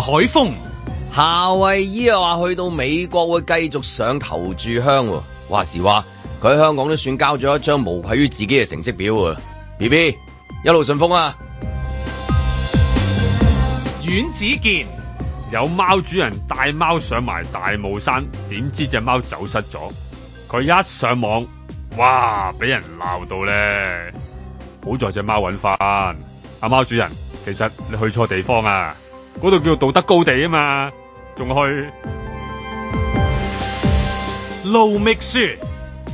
海風夏慧儀又話去到美國會繼續上頭柱香，話時話佢喺香港都算交咗一張無愧於自己嘅成績表啊！B B 一路順風啊！阮子健有貓主人帶貓上埋大霧山，點知隻貓走失咗，佢一上網哇，俾人鬧到咧。好在隻貓搵返阿貓主人，其實你去錯地方啊！嗰度叫做道德高地啊嘛，仲去。Low Make 輸，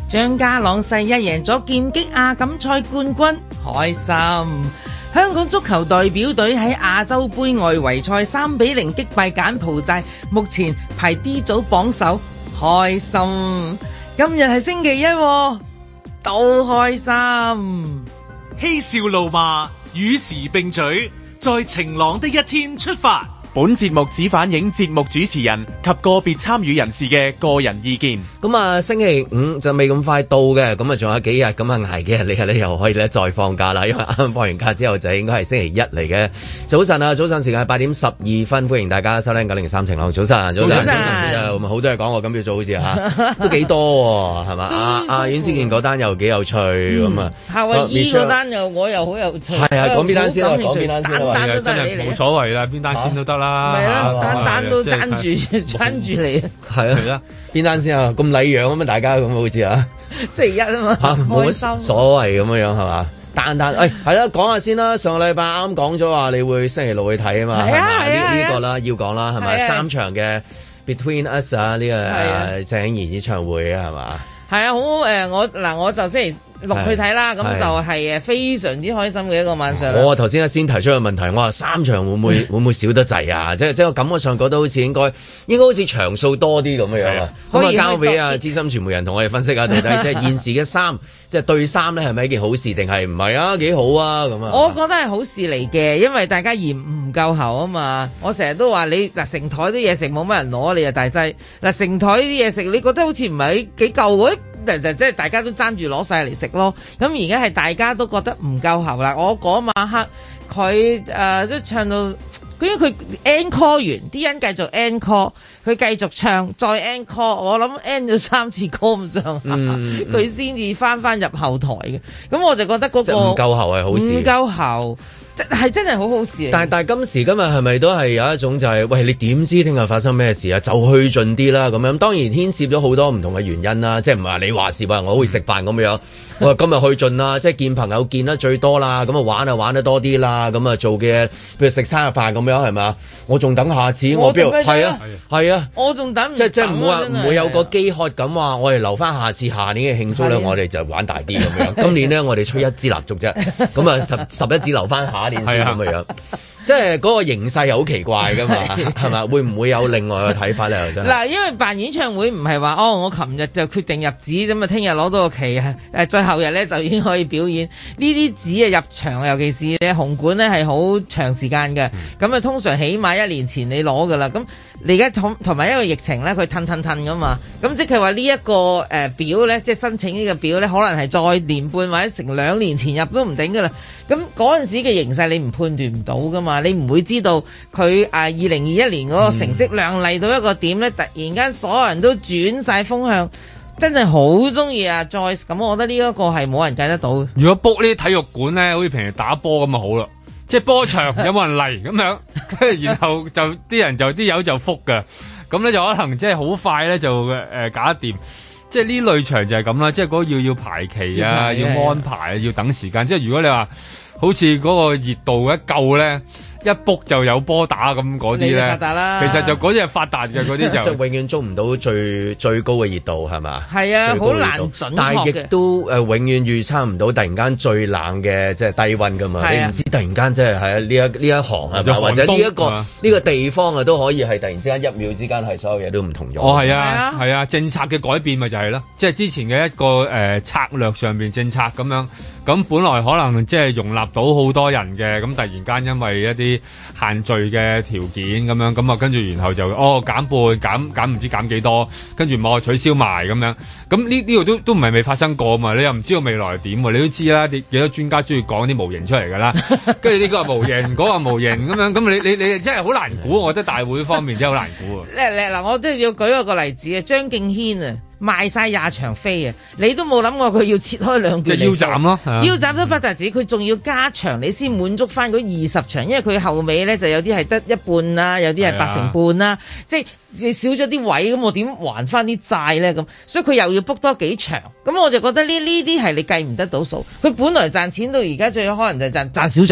張家朗世一贏咗劍擊亞錦賽冠軍，開心。香港足球代表隊喺亞洲盃外圍賽三比零擊敗柬埔寨，目前排 D 組榜首，開心。今日係星期一，都開心。嬉笑怒罵與時並舉。在晴朗的一天出發。本節目只反映節目主持人及個別參與人士嘅個人意見。咁啊，星期五就未咁快到嘅，咁啊仲有幾日，咁啊捱幾日嚟咧，又可以咧再放假啦。因為啱放完假之後就應該係星期一嚟嘅早晨啊！早上時間係八點十二分，歡迎大家收聽九零三晴朗早晨，早晨啊！好多人講我今朝做好事嚇都幾多喎，係嘛？啊，阿阮思健嗰單又幾有趣，咁啊夏威夷嗰單又我又好有趣，係啊！講邊單先啊？講邊單先啊？真係冇所謂啦，邊單先都得啦。係啦，單單都爭住爭住嚟啊！係啊，係啦，邊單先啊？咁禮讓啊嘛，大家咁好似啊，星期一啊嘛，冇所謂咁樣樣係嘛？單單，喂，係啦，講下先啦。上個禮拜啱講咗話你會星期六去睇啊嘛，係嘛？呢呢個啦要講啦，係嘛？三場嘅 Between Us 啊，呢個鄭欣宜演唱會啊，係嘛？係啊，好誒，我嗱，我就星期。落去睇啦，咁是就係誒非常之開心嘅一個晚上。我頭先先提出個問題，我話三場會唔會會唔會少得滯啊？即係即係我感覺上覺得好似應該應該好似場數多啲咁是樣樣啊。咁啊以交俾啊資深傳媒人同我哋分析下睇睇，即係 現時嘅三即係、即係、對三咧係咪一件好事定係唔係啊？幾好啊咁啊。我覺得係好事嚟嘅，因為大家嫌唔夠喉啊嘛。我成日都話你嗱成台啲嘢食冇乜人攞，你又大劑嗱成台啲嘢食，你覺得好似唔係幾夠即係大家都爭住攞晒嚟食咯，咁而家係大家都覺得唔夠喉啦。我嗰晚黑佢誒都唱到，佢因為佢 encore 完，啲人繼續 encore，佢繼續唱再 encore，我諗 end 咗三次，call 咁上下，佢先至翻翻入後台嘅。咁我就覺得嗰、嗰個唔夠喉係好事，唔夠喉。即係真係好好事，但係但係今時今日係咪都係有一種就係，是，喂，你點知聽日發生咩事啊？就去盡啲啦咁樣。當然牽涉咗好多唔同嘅原因啦，啊，即係唔係你話事，唔係我會食飯咁樣。我今日去盡啦，即係見朋友見得最多啦，咁啊玩啊玩得多啲啦，咁啊做嘅，譬如食生日飯咁樣係咪啊？我仲等下次我，係啊係啊，我仲等即，即係即係唔會話唔會有個飢渴咁話，我哋留翻下次下年嘅慶祝咧，啊、我哋就玩大啲咁樣。今年咧我哋吹一支蠟燭啫，咁啊 十十一支留翻下一年先咁樣樣。 即係嗰、嗰個形勢好奇怪㗎嘛，係咪？ 會唔會有另外嘅睇法咧？嗱， 因為辦演唱會唔係話，哦，我琴日就決定入紙咁啊，聽日攞到個期啊，最後日咧就已經可以表演。呢啲紙啊入場，尤其是咧紅管館，咧係好長時間嘅，咁啊 通常起碼一年前你攞㗎啦，咁。你而家同同埋一個疫情咧，佢褪褪褪噶嘛，咁即係話呢一個誒表咧，即係申請呢個表咧，可能係再年半或者成兩年前入都唔定噶啦。咁嗰陣時嘅形勢你唔判斷唔到噶嘛，你唔會知道佢誒二零二一年嗰個成績亮麗到一個點咧，嗯、突然間所有人都轉晒風向，真係好中意啊 Joyce。咁我覺得呢一個係冇人計得到。如果 book 呢啲體育館咧，好似平時打波咁就好啦。即係波場有冇人嚟咁 樣，跟住然後就啲人就啲友就復噶，咁咧就可能即係好快咧就誒、呃、搞得掂，即係呢類場就係咁啦，即係嗰個要要排期啊，須要安排、啊，的要等時間。即係如果你話好似嗰個熱度一夠咧。一卜就有波打咁嗰啲咧，呢打打其實就嗰啲係發達嘅嗰啲就， 就永遠捉唔到最最高嘅熱度係咪？係啊，好難準確。但亦都、呃、永遠預測唔到突然間最冷嘅即係低溫㗎嘛？啊、你唔知突然間即係喺呢一呢一行、呢個、啊，或者呢一個呢個地方啊，都可以係突然之間一秒之間係所有嘢都唔同咗。哦，係啊，係啊，啊，啊，政策嘅改變咪就係咯，即、就、係、是、之前嘅一個、呃、策略上面，政策咁樣。咁本來可能即係容納到好多人嘅，咁突然間因為一啲限聚嘅條件咁樣，咁啊跟住然後就哦減半減減唔知減幾多，跟住冇取消埋咁樣。咁呢呢度都都唔係未發生過嘛？你又唔知道未來點？你都知啦，幾多專家中意講啲模型出嚟噶啦？跟住呢個模型，嗰 個模型咁樣咁，你你你真係好難估。 我覺得大會方面真係好難估喎。嗱， 我都要舉一個例子啊！張敬軒啊，賣晒廿場飛啊，你都冇諗過佢要切開兩件，即係腰斬咯、啊，啊、腰斬都不特止，佢仲要加長，你先滿足翻嗰二十場，因為佢後尾咧就有啲係得一半啦、啊，有啲係八成半啦、啊，啊、即你少咗啲位，咁我點還翻啲債咧？咁所以佢又要 book 多幾場，咁我就覺得呢呢啲係你計唔得到數。佢本來賺錢到而家，最可能就賺賺少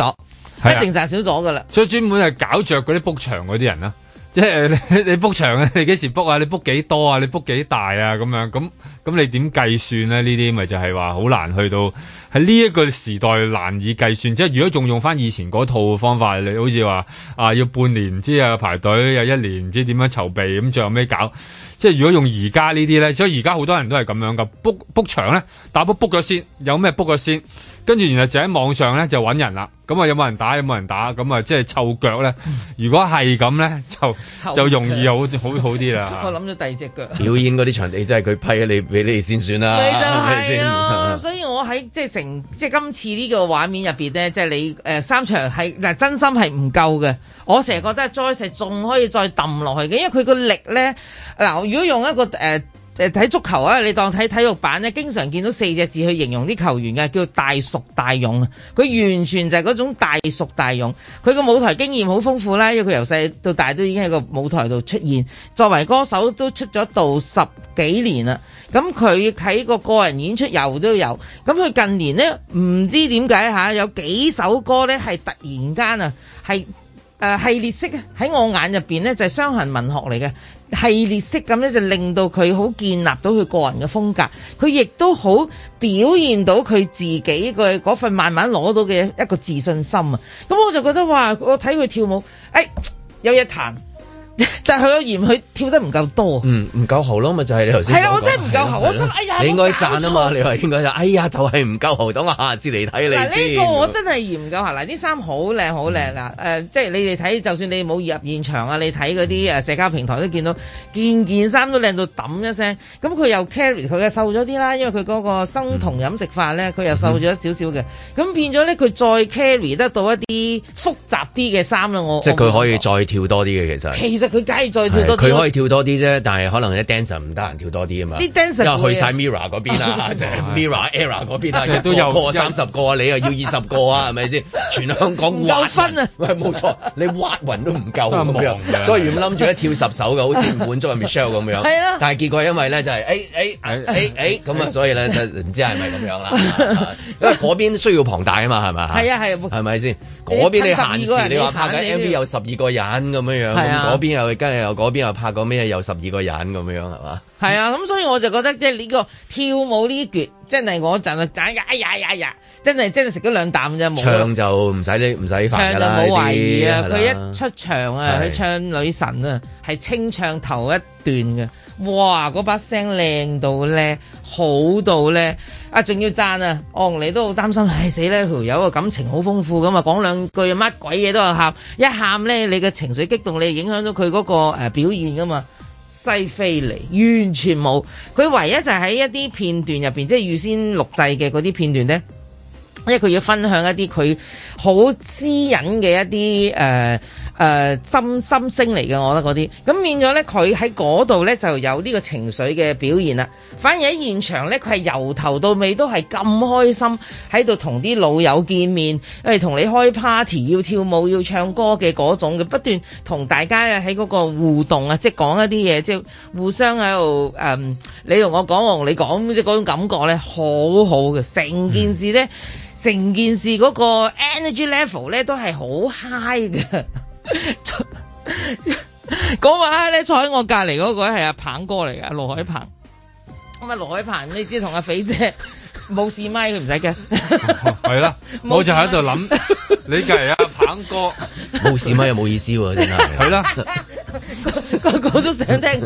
咗，一定賺少咗噶啦。所以專門係搞着嗰啲 book 場嗰啲人啊，即係你你 book 場啊，你幾時 book 啊？你 book 幾多啊？你 book 幾大啊？咁樣咁咁，你點計算咧？呢啲咪就係話好難去到。喺呢一個時代難以計算，即係如果仲用翻以前嗰套方法，你好似話啊，要半年唔知啊排隊，又一年唔知點樣籌備，咁、嗯、最後咩搞，即係如果用而家呢啲咧，所以而家好多人都係咁樣噶 book book 場咧，打 book book 咗先，有咩 book 咗先。跟住原來就喺網上咧就揾人啦，咁啊有冇人打有冇人打，咁啊即係臭腳咧。 如果係咁咧，就腳就容易好好好啲啦。 我諗咗第二隻腳表演嗰啲場地真係佢批你俾你先算啦。啊、算所以我喺即係成即係、就是、今次呢個畫面入邊咧，即、就、係、是、你誒、呃、三場係嗱真心係唔夠嘅。我成日覺得再石仲可以再抌落去嘅，因為佢個力咧嗱、呃，如果用一個誒。呃誒睇足球啊！你當睇體育版咧，經常見到四隻字去形容啲球員嘅，叫大熟大勇。佢完全就係嗰種大熟大勇。佢個舞台經驗好豐富啦，因為佢由細到大都已經喺個舞台度出現。作為歌手都出咗道十幾年啦。咁佢喺個個人演出又都有。咁佢近年呢，唔知點解吓，有幾首歌呢係突然間啊，係誒系列式啊，喺我眼入邊呢，就係傷痕文學嚟嘅。系列式咁咧，就令到佢好建立到佢個人嘅風格，佢亦都好表現到佢自己嘅嗰份慢慢攞到嘅一個自信心啊！咁我就覺得話，我睇佢跳舞，誒，有一彈。就佢嫌佢跳得唔夠多，唔夠喉咯，咪就係你頭先。係啊，我真係唔夠喉。我心哎呀，你應該讚啊嘛！你話應該就哎呀，就係唔夠喉。等我下次嚟睇你。嗱呢個我真係嫌唔夠喉。嗱啲衫好靚好靚啊。誒，即係你哋睇，就算你冇入現場啊，你睇嗰啲誒社交平台都見到件件衫都靚到揼一聲。咁佢又 carry 佢嘅瘦咗啲啦，因為佢嗰個生酮飲食法咧，佢又瘦咗少少嘅。咁變咗咧，佢再 carry 得到一啲複雜啲嘅衫啦。我即係佢可以再跳多啲嘅，其實。其實。佢再跳多，佢可以跳多啲啫，但係可能啲 dancer 唔得閒跳多啲啊嘛，即係去晒 Mirror 嗰邊啦，即係 Mirror Era 嗰邊啦，都有過三十個，你又要二十個啊，係咪先？全香港唔夠分啊！係冇錯，你挖雲都唔夠，所以如果諗住一跳十首嘅，好似滿足阿 Michelle 咁樣，係啦。但係結果因為咧就係哎，哎，哎，哎，咁啊，所以咧就唔知係咪咁樣啦。因為嗰邊需要龐大啊嘛，係咪啊？係啊係，係咪先？嗰邊你限時，你話拍緊 MV 有十二個人咁樣樣又跟又嗰邊又拍過咩有十二個人咁樣係嘛？係啊，咁所以我就覺得即係呢個跳舞呢段真係我就賺嘅，哎呀呀、哎、呀，真係真係食咗兩啖啫。冇唱就唔使你唔使煩噶冇懷疑啊！佢吧一出場啊，佢唱女神啊，係是清唱頭一段嘅。哇！嗰把聲靚到呢，好到呢，啊，仲要讚啊！我、哦、你都好擔心，唉、哎、死啦！條友個感情好豐富咁啊，講兩句乜鬼嘢都有喊，一喊呢，你嘅情緒激動，你影響到佢嗰個表現噶嘛？西非尼完全冇，佢唯一就喺一啲片段入邊，即係預先錄製嘅嗰啲片段呢，因為佢要分享一啲佢好私隱嘅一啲誒。呃誒、呃、心心聲嚟嘅，我覺得嗰啲，咁變咗呢，佢喺嗰度呢就有呢個情緒嘅表現啦。反而喺現場呢，佢係由頭到尾都係咁開心，喺度同啲老友見面，誒同你開 party 要跳舞要唱歌嘅嗰種嘅，不斷同大家啊喺嗰個互動啊，即係講一啲嘢，即互相喺度誒，你同我講，我同你講，即係嗰種感覺呢，好好嘅。成件事呢，成、嗯、件事嗰個 energy level 呢，都係好 high 嘅。嗰位， 你坐喺我隔籬嗰個係阿鵬哥嚟噶，盧海鵬。咁啊，盧海鵬你知同阿肥姐冇試咪，佢唔使驚。係 啦、哦，我就喺度諗，你隔籬阿鵬哥，冇試咪，又冇意思喎，真係。係啦，個個都想聽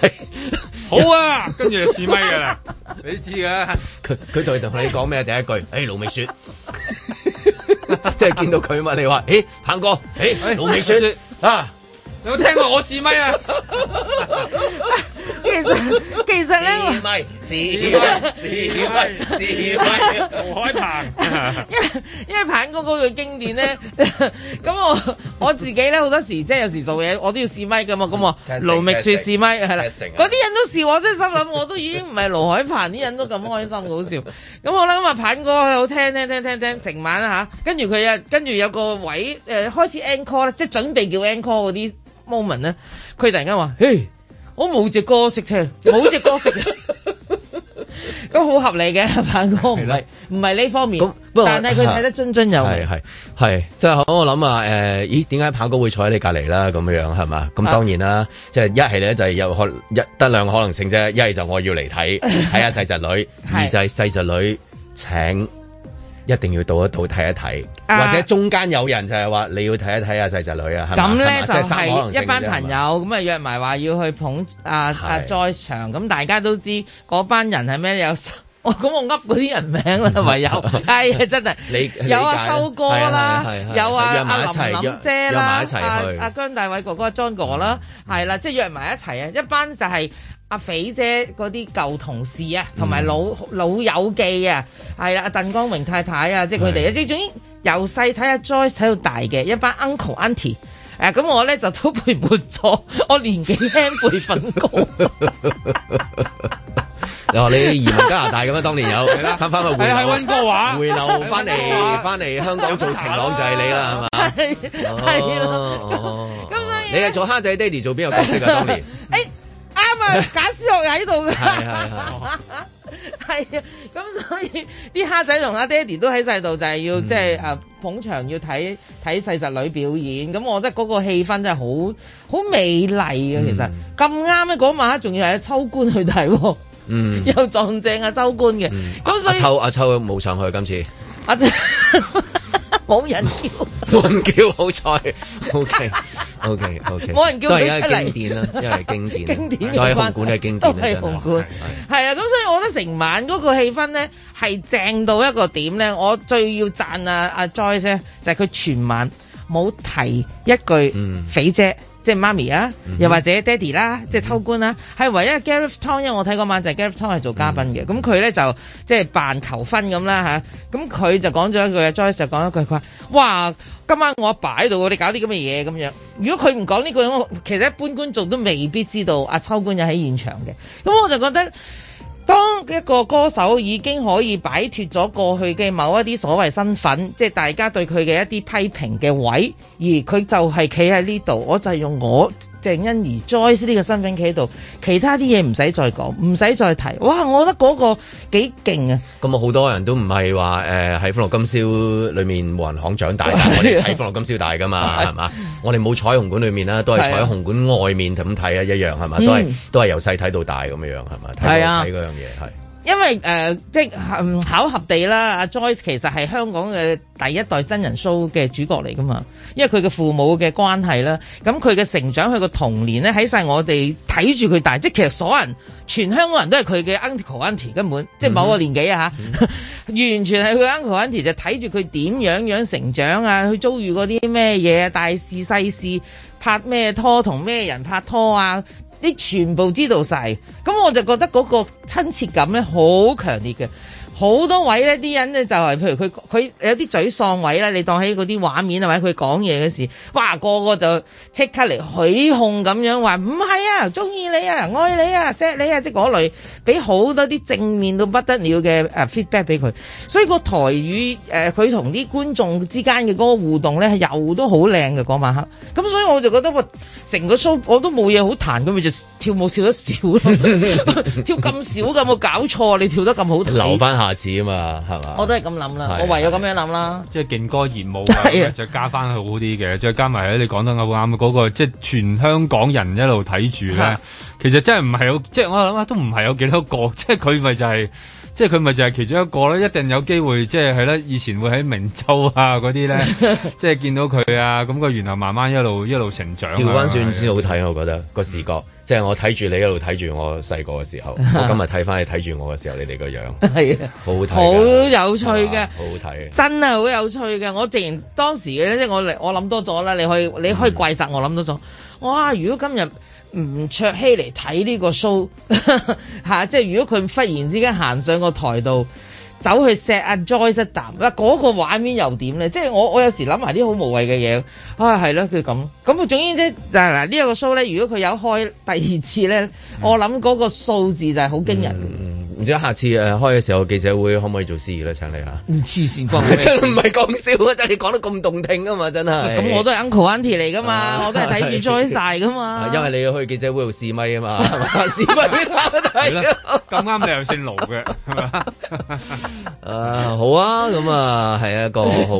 佢。 好啊，跟住就試咪噶啦， 你知噶。佢佢就同你講咩？第一句， 哎，盧美雪。 即係見到佢啊嘛？你話，誒、欸，鵬哥，誒、欸，老尾鼠唉啊！你有冇聽過我試咪啊？ 其實其實咧，試咪，試咪，試咪，盧海鵬。因為因為鵬哥嗰句經典咧，咁 我我自己咧好多時即係有時做嘢，我都要試咪噶嘛。咁啊，盧覓雪試咪係啦，嗰啲人都試我真心，即係心諗我都已經唔係盧海鵬啲 人都咁開心好笑。咁我啦咁啊，鵬哥喺度聽聽聽聽聽成晚吓，跟住佢啊，跟住有個位誒、呃、開始 encore 咧，即係準備叫 encore 嗰啲 moment 咧，佢突然間話，嘿、hey。我冇隻歌識聽，冇隻歌識，咁好合理嘅。跑哥唔係呢方面，但係佢睇得津津有味。係係係，即係我諗啊，誒，咦，點解跑哥會坐喺你隔籬啦？咁樣係嘛？咁當然啦，即係一係咧就係有可一得兩個可能性啫，一係就我要嚟睇睇下細侄女，二就係細侄女請。一定要到一到睇一睇，或者中間有人就係話你要睇一睇啊細侄女啊，咁咧就係一班朋友咁啊約埋話要去捧啊啊，在場，咁大家都知嗰班人係咩有，咁我噏嗰啲人名啦唯有，係啊真係，有啊修哥啦，有啊阿林林姐啦，阿阿姜大偉哥哥 John 哥啦，係啦，即係約埋一齊啊一班就係。阿肥姐嗰啲舊同事啊，同埋老老友記啊，係啦，阿鄧光榮太太啊，即係佢哋，即係總之由細睇下 Joyce 睇到大嘅一班 uncle auntie，誒，咁我咧就都陪伴咗我年紀輕輩份高，你移民加拿大咁樣當年有，翻翻去溫哥華回流翻嚟翻嚟香港做情郎就係你啦，係嘛，係咯，咁樣，你係做蝦仔爹哋做邊個角色啊當年？ 賈思樂喺度㗎，係、嗯就是、啊，咁所以啲蝦仔同阿爹哋都喺細度，就係要即係誒捧場要，要睇睇細侄女表演。咁我覺得嗰、嗰個氣氛真係好好美麗啊。嗯、其實咁啱咧嗰晚，仲要係秋官去睇，嗯，又撞正阿、啊、秋官嘅。咁所以、啊啊、秋阿、啊、秋冇上去今次，阿姐冇人叫，冇 叫好彩，O K。Okay O K O K，冇人叫佢出嚟，經典啦，因為經典，經典，再 係紅館經典係啊，咁所以我覺得成晚嗰個氣氛咧係正到一個點咧。我最要讚啊啊 Joyce，啊，就係，是，佢全晚冇提一句肥姐。嗯即係媽咪啊，又或者爹哋啦，mm hmm. 即係秋官啦，啊，係唯一 Gary Thompson，因為我睇嗰晚就 Gary Thompson 係做嘉賓嘅，咁佢咧就即係、就是、扮求婚咁啦吓，咁、啊、佢就講咗一句，Joyce 就講一句，佢話：哇，今晚我阿爸喺度，我哋搞啲咁嘅嘢咁樣。如果佢唔講呢句，其實一般觀眾都未必知道阿秋官有喺現場嘅。咁我就覺得。當一個歌手已經可以擺脫咗過去嘅某一啲所謂身份，即係大家對佢嘅一啲批評嘅位，而佢就係企喺呢度，我就係用我，鄭欣宜，Joyce 呢個身份企喺度，其他啲嘢唔使再講，唔使再提。哇！我覺得嗰個幾勁啊！咁啊，好多人都唔係話誒喺《歡樂今宵》裏面無人行長大，的我哋睇《歡樂今宵》大噶嘛，係嘛的？我哋冇彩虹館裏面啦，都係彩虹館外面就咁睇啊，的一樣係嘛？都係都係由細睇到大咁樣係嘛？睇嗰睇嗰樣嘢係。因為誒、呃，即係巧合地啦，Joyce 其實係香港嘅第一代真人 show 嘅主角嚟噶嘛，因為佢嘅父母嘅關係啦，咁佢嘅成長，佢個童年咧，喺晒我哋睇住佢大，即係其實所有人，全香港人都係佢嘅 uncle auntie 根本，即係某個年紀啊、嗯、 完全係佢 uncle auntie 就睇住佢點樣樣成長啊，佢遭遇過啲咩嘢啊，大事細事拍咩拖同咩人拍拖啊。你全部知道晒，咁我就覺得嗰個親切感咧好強烈嘅。好多位咧，啲人咧就係，譬如佢佢有啲沮喪位啦，你當喺嗰啲畫面或者佢講嘢嘅時哇個個就即刻嚟許控咁樣話唔係啊，中意你啊，愛你啊，錫你啊，即係嗰類俾好多啲正面到不得了嘅誒 feedback 俾佢，所以個台語誒佢同啲觀眾之間嘅嗰個互動咧又都好靚嘅晚黑，咁所以我就覺得成個 show 我都冇嘢好彈，咁咪就跳舞笑一笑。 跳得少咯，跳咁少噶，冇搞錯，你跳得咁好，留翻下。下次啊嘛，係嘛？我都係咁諗啦，我唯有咁樣諗啦。即係、就是、勁歌熱舞 再，再加翻好啲嘅，再加埋喺你講得啱啱嗰個，即、就、係、是、全香港人一路睇住咧，的其實真係唔係有，即、就、係、是、我諗下，都唔係有幾多個，即係佢咪就係、是就是。即係佢咪就係其中一個咯，一定有機會即係係咯，以前會喺明州啊嗰啲咧，呢 即係見到佢啊，咁佢然後慢慢一路一路成長、啊，調翻轉先好睇，的我覺得個視覺，即係我睇住你一路睇住我細個嘅時候， 我今日睇翻你睇住我嘅時候，你哋個樣係啊，好好睇，好有趣嘅，好好睇，真係好有趣嘅。我直言當時嘅咧，即我我諗多咗啦，你可以你可以怪責我諗多咗。嗯、哇，如果今日～吳卓熙嚟睇呢個 show、 啊、即係如果佢忽然之間行上個台度走去錫阿 Joyce 一啖，嗰、那個畫面又點咧？即係我我有時諗埋啲好無謂嘅嘢啊，係咯，佢咁咁。總之即係嗱，呢、啊、一、這個 show 咧，如果佢有開第二次咧，我諗嗰個數字就係好驚人。嗯。唔知下次誒開嘅時候記者會可唔可以做司儀咧？請你啊！唔黐線講，真唔係講笑啊！真係你講得咁動聽啊嘛，真係。咁我都係 uncle auntie 嚟噶嘛，我都係睇住栽晒噶嘛。因為你要去記者會度試咪啊嘛，係咪？試咪？咁啱你又姓盧嘅，係咪？啊好啊，咁啊係一個好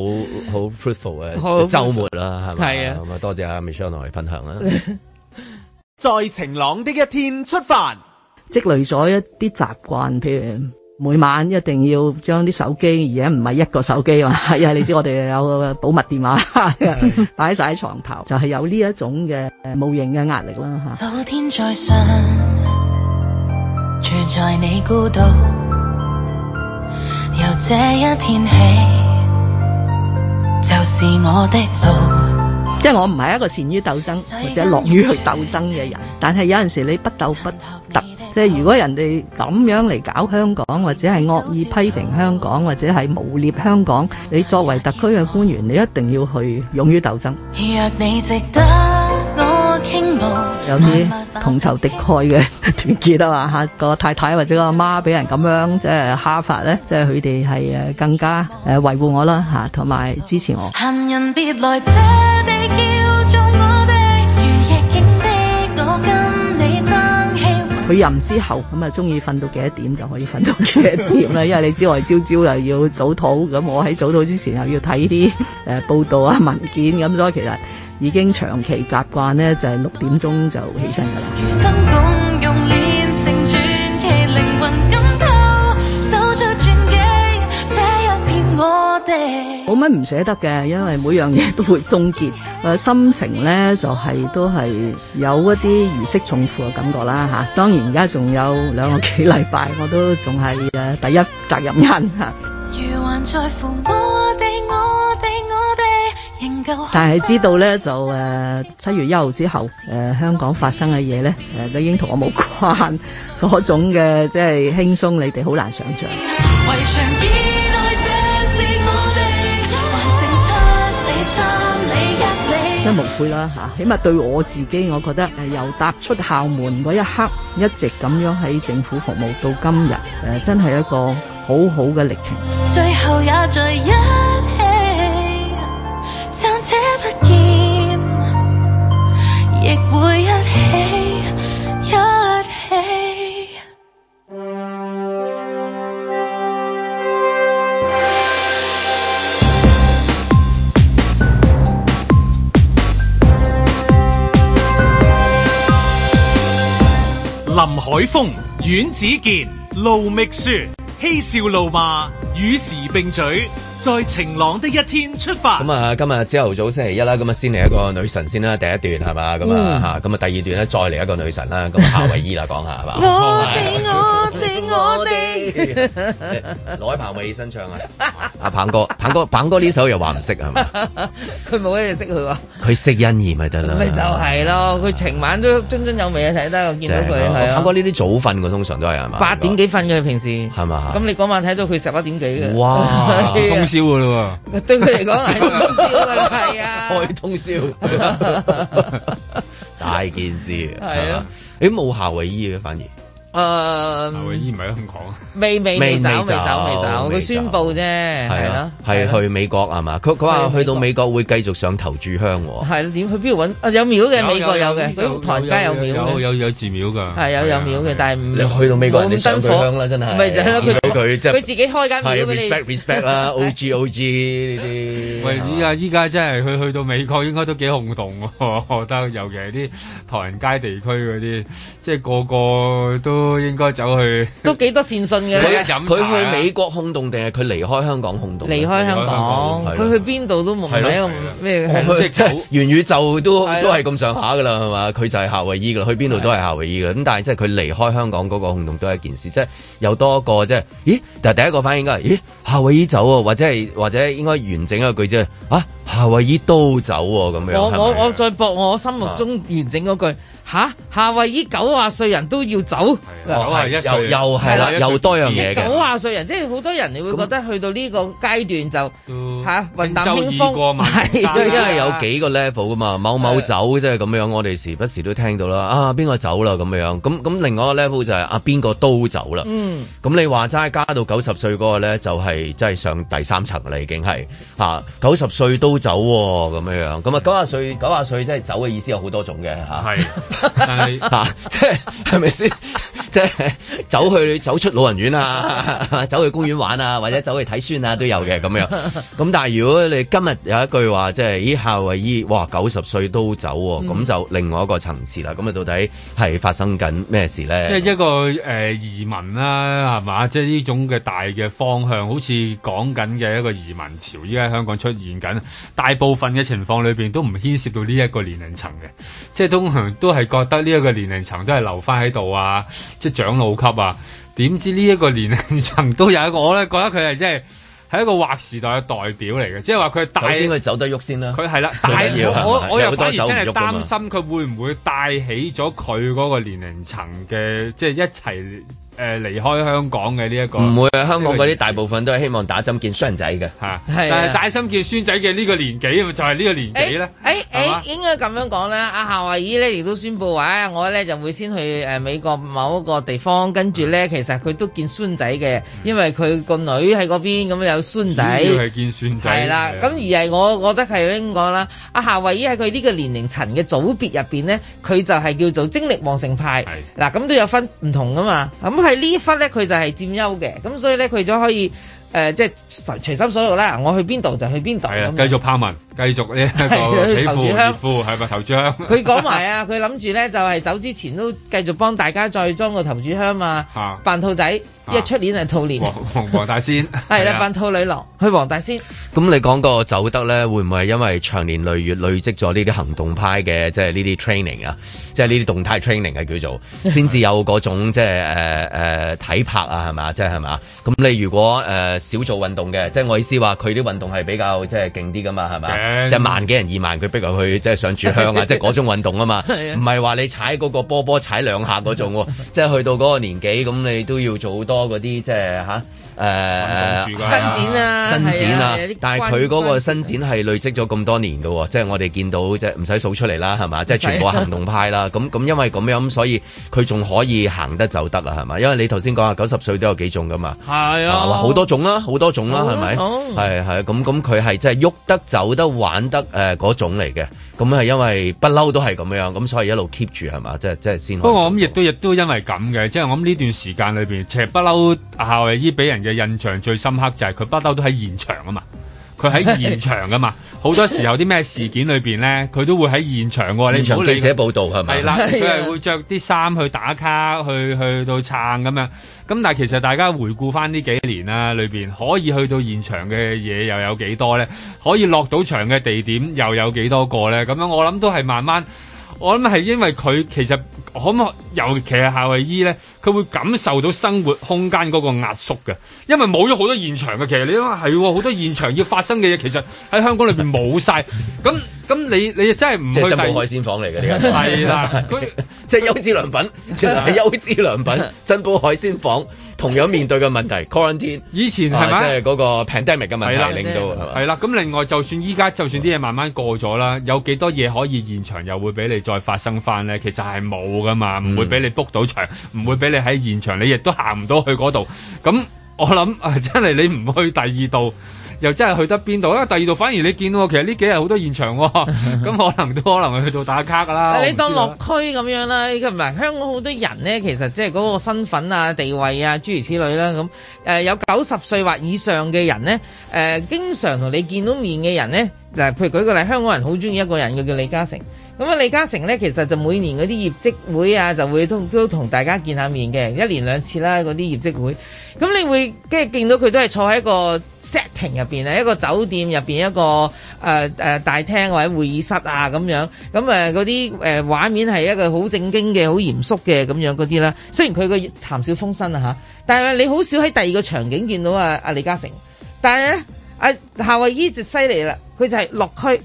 好 fruitful 嘅週末啦，係咪？係啊，咁啊多謝阿 Michelle 同我哋分享啦。在晴朗的一天出發。積累咗一啲習慣，譬如每晚一定要將啲手機，而家唔係一個手機嘛。因為 你知我哋有個保密電話擺晒喺床頭，就係、是、有呢一種嘅無形嘅壓力啦吓，老天在上，住在你孤島，由這一天起，就是我嘅路。即係我唔係一個善於鬥爭或者樂於去鬥爭嘅人，但係有陣時你不鬥不得。即係如果人哋咁樣嚟搞香港，或者係惡意批評香港，或者係污衊香港，你作為特區嘅官員，你一定要去勇於鬥爭。若你值得我有啲同仇敵愾嘅團結啊話吓，個太太或者阿媽俾人咁樣即係哈法咧，即係佢哋係誒更加誒維護我啦吓，同、啊、埋支持我。佢任之後咁啊，中意瞓到幾多點就可以瞓到幾多點啦， 因為你知我係朝朝又要早肚，咁我喺早肚之前又要睇啲誒報道啊文件咁，所以其實。已經長期習慣呢，就係六點鐘就起身噶啦。冇乜唔捨得嘅，因為每樣嘢都會終結。誒，心情呢就係都係有一啲如釋重負嘅感覺啦吓。當然而家仲有兩個幾禮拜，我都仲係誒第一責任人啊。如還在乎我但係知道咧，就誒七、呃、月一號之後，誒、呃、香港發生嘅嘢咧，誒、呃、已經同我冇關嗰種嘅，即係輕鬆，你哋好難想象。真無悔啦吓、啊，起碼對我自己，我覺得誒、呃、由踏出校門嗰一刻，一直咁樣喺政府服務到今日，誒、呃、真係一個好好嘅歷程。海峰，阮子健、盧覓雪，嬉笑怒罵，與時並舉，在晴朗的一天出發。咁啊，今日朝頭早星期一啦，咁啊，先嚟一個女神先啦，第一段係嘛？咁啊，吓、嗯，咁啊，第二段咧再嚟一個女神啦，咁 夏威伊啦，講下係嘛。 我哋，我哋，我哋。攞起棚尾起身上唱啊！阿鵬哥，鵬哥，鵬哥呢首又話唔 識係嘛？佢冇乜嘢識佢喎。佢識欣然咪得啦。咪就係咯，佢成晚都津津有味好是啊，睇得，見到佢係啊。鵬哥呢啲早瞓嘅，通常都係係嘛？八點幾瞓嘅平時係嘛？咁吧你嗰晚睇到佢十一點幾嘅？哇，通宵嘅啦。對佢嚟講係通宵嘅，係 是啊，開通宵大件事係是啊、哎。你冇夏威夷嘅反而。誒，唔係，香港未未未走未走未走，佢宣布啫，係係去美國，係嘛？佢佢話去到美國會繼續上頭炷香，係點去邊度揾？有廟嘅，美國有嘅，嗰啲唐人街有廟嘅，有有寺廟噶，係有有廟嘅，但係你去到美國，你冇得佢香啦，真係，唔係就係佢佢自己開間廟俾你，respect respect 啦，O G O G 呢啲。喂，依家真係去去到美國應該都幾轟動，我覺得，尤其係啲唐人街地區嗰啲，即係個個都。都應該走去都幾多善信嘅。佢 去美國轟動定係佢離開香港轟動離開香港，佢去邊度都冇咩咩。即係即係元宇宙都都係咁上下噶啦，係嘛？佢就係夏威夷噶啦，去邊度都係夏威夷噶。咁但係即係佢離開香港嗰個轟動都係一件事，即係又多一個即係。咦？但係第一個反應該、就、係、是，咦？夏威夷走啊，或者係或者應該完整一句即係。啊，夏威夷都走啊，咁樣。我我是是我再博我心目中完整嗰句。吓夏威夷九啊歲人都要走，又係啦，又多樣嘢嘅。九啊歲人，即係好多人，你會覺得去到呢個階段就嚇雲淡風輕，因為有幾個 level 噶嘛。某某走即係咁樣，我哋時不時都聽到啦。啊，邊個走啦咁樣？咁咁，另外一個 level 就係啊，邊個都走啦。嗯，咁你話齋加到九十歲嗰個咧，就係真係上第三層啦，已經係吓九十歲都走喎咁樣樣。咁啊，九啊歲九啊歲即係走嘅意思有好多種嘅但係吓 是、啊，即係係咪先？即係走去走出老人院啊，走去公園玩啊，或者走去睇孫啊，都有嘅咁樣。咁但係如果你今日有一句話，即係咦夏慧儀，哇九十歲都走，咁就另外一個層次啦。咁啊到底係發生緊咩事咧，呃啊？即係一個誒移民啦，係嘛？即係呢種嘅大嘅方向，好似講緊嘅一個移民潮依家香港出現緊。大部分嘅情況裏邊都唔牽涉到呢一個年齡層嘅，即係通常都係。覺得呢一個年齡層都係留翻喺度啊，即係長老級啊，點知呢一個年齡層都有一個我咧覺得佢係即係係一個劃時代嘅代表嚟嘅，即係話佢係首先佢走得喐先啦，佢係啦，但係我我又反而真係擔心佢會唔會帶起咗佢嗰個年齡層嘅即係一齊。誒離開香港嘅呢一個唔會啊！香港嗰啲大部分都係希望打針見孫仔嘅嚇，啊、但係打針見孫仔嘅呢個年紀，就係、是、呢個年紀咧。誒誒，應該咁樣講啦。阿夏威夷咧亦都宣布話、啊：，我咧就會先去美國某一個地方，跟住咧其實佢都見孫仔嘅，嗯、因為佢個女喺嗰邊，咁有孫仔。主要係見孫仔。啦、啊，咁、啊啊、而係我覺得係點講啦？阿夏威夷喺佢呢個年齡層嘅組別入邊咧，佢就係叫做精力旺盛派。嗱、啊，咁都有分唔同噶嘛。咁因為呢一忽咧，佢就係佔優嘅，咁所以咧佢就可以誒、呃，即係隨心所欲啦，我去邊度就去邊度。係啊的，繼樣續拋文。繼續呢、這個投柱香，章？佢講埋啊，佢諗住咧就係、是、走之前都繼續幫大家再裝個頭柱香嘛，扮、啊、兔仔，啊、因為出年係兔年。黃、啊、大仙係啦，扮 兔女郎去黃大仙。咁的你講個走得咧，會唔會係因為長年累月累積咗呢啲行動派嘅，即、就、係、是、呢啲 training 啊，即係呢啲動態 training 啊叫做，先至有嗰種即係誒誒體魄啊，係咪，即係係咪。咁你如果誒、呃、少做運動嘅，即、就、係、是、我意思話，佢啲運動係比較即係勁啲噶嘛，係、就、嘛、是？即係萬幾人二萬，佢逼佢去 即係上柱香啊！即係嗰種運動啊嘛，唔係話你踩嗰個波波踩兩下嗰種，即係去到嗰個年紀，咁你都要做好多嗰啲即係吓。誒，伸展啊，伸展啊！但係佢嗰個伸展係累積咗咁多年嘅喎，即係我哋見到即係唔使數出嚟啦，係嘛？即係全部行動派啦，咁咁因為咁樣，所以佢仲可以行得走得啊，係嘛？因為你頭先講下九十歲都有幾種噶嘛，係啊，好多種啦，好多種啦，係咪？係係咁咁，佢係即係喐得走得玩得誒嗰種嚟嘅，咁係因為不嬲都係咁樣，咁所以一路 keep 住係嘛，即係即係先。不過我諗亦都亦都因為咁嘅，即係我諗呢段時間裏邊，除不嬲校維醫俾人。印象最深刻就係佢不嬲都喺現場啊嘛，佢喺現場啊嘛，好 多時候啲咩事件裏邊呢，佢都會喺現場。 你唔好理記者報道係咪？係啦了，佢係 會着啲衫去打卡，去去到撐咁樣。咁但係其實大家回顧翻，呢幾年啊，裏邊可以去到現場嘅嘢又有幾多呢？可以落到場嘅地點又有幾多個呢？咁樣我諗都係慢慢。我諗係因為佢其實可唔可，尤其係夏惠伊咧，佢會感受到生活空間嗰個壓縮嘅，因為冇咗好多現場嘅。其實你諗下係好多現場要發生嘅嘢，其實喺香港裏邊冇晒咁。咁你你真係唔去，即係珍寶海鮮舫嚟嘅係啦，即係優質良品，係優質良品，珍寶海鮮舫同樣面對嘅問題。r n t i 以前係咪即係嗰個 pandemic 嘅問題，令到係啦，咁另外就算依家，就算啲嘢慢慢過咗啦，有幾多嘢可以現場又會俾你再發生翻咧？其實係冇噶嘛，唔會俾你 book 到場，唔會俾你喺現場，你亦都行唔到去嗰度。咁我諗啊，真係你唔去第二度。又真係去得邊度？第二度反而你見到，其實呢幾日好多現場喎、哦，咁、 嗯、可能都可能去到打卡㗎啦。 你當落區咁樣啦，咁唔係香港好多人咧，其實即係嗰個身份啊、地位啊諸如此類啦。咁誒、呃、有九十歲或以上嘅人咧，誒、呃、經常同你見到面嘅人咧，嗱、呃、譬如舉個例，香港人好中意一個人嘅叫李嘉誠。咁啊，李嘉誠咧，其實就每年嗰啲業績會啊，就會都都同大家見下面嘅，一年兩次啦，嗰啲業績會。咁你會即係見到佢都係坐喺一個 setting 入面，啊，一個酒店入面，一個誒誒、呃呃、大廳或者會議室啊咁樣。咁誒嗰啲誒畫面係一個好正經嘅、好嚴肅嘅咁樣嗰啲啦。雖然佢個談笑風生啊嚇，但係你好少喺第二個場景見到啊阿李嘉誠。但係咧，阿、啊、夏惠姨就犀利啦，佢就係落區。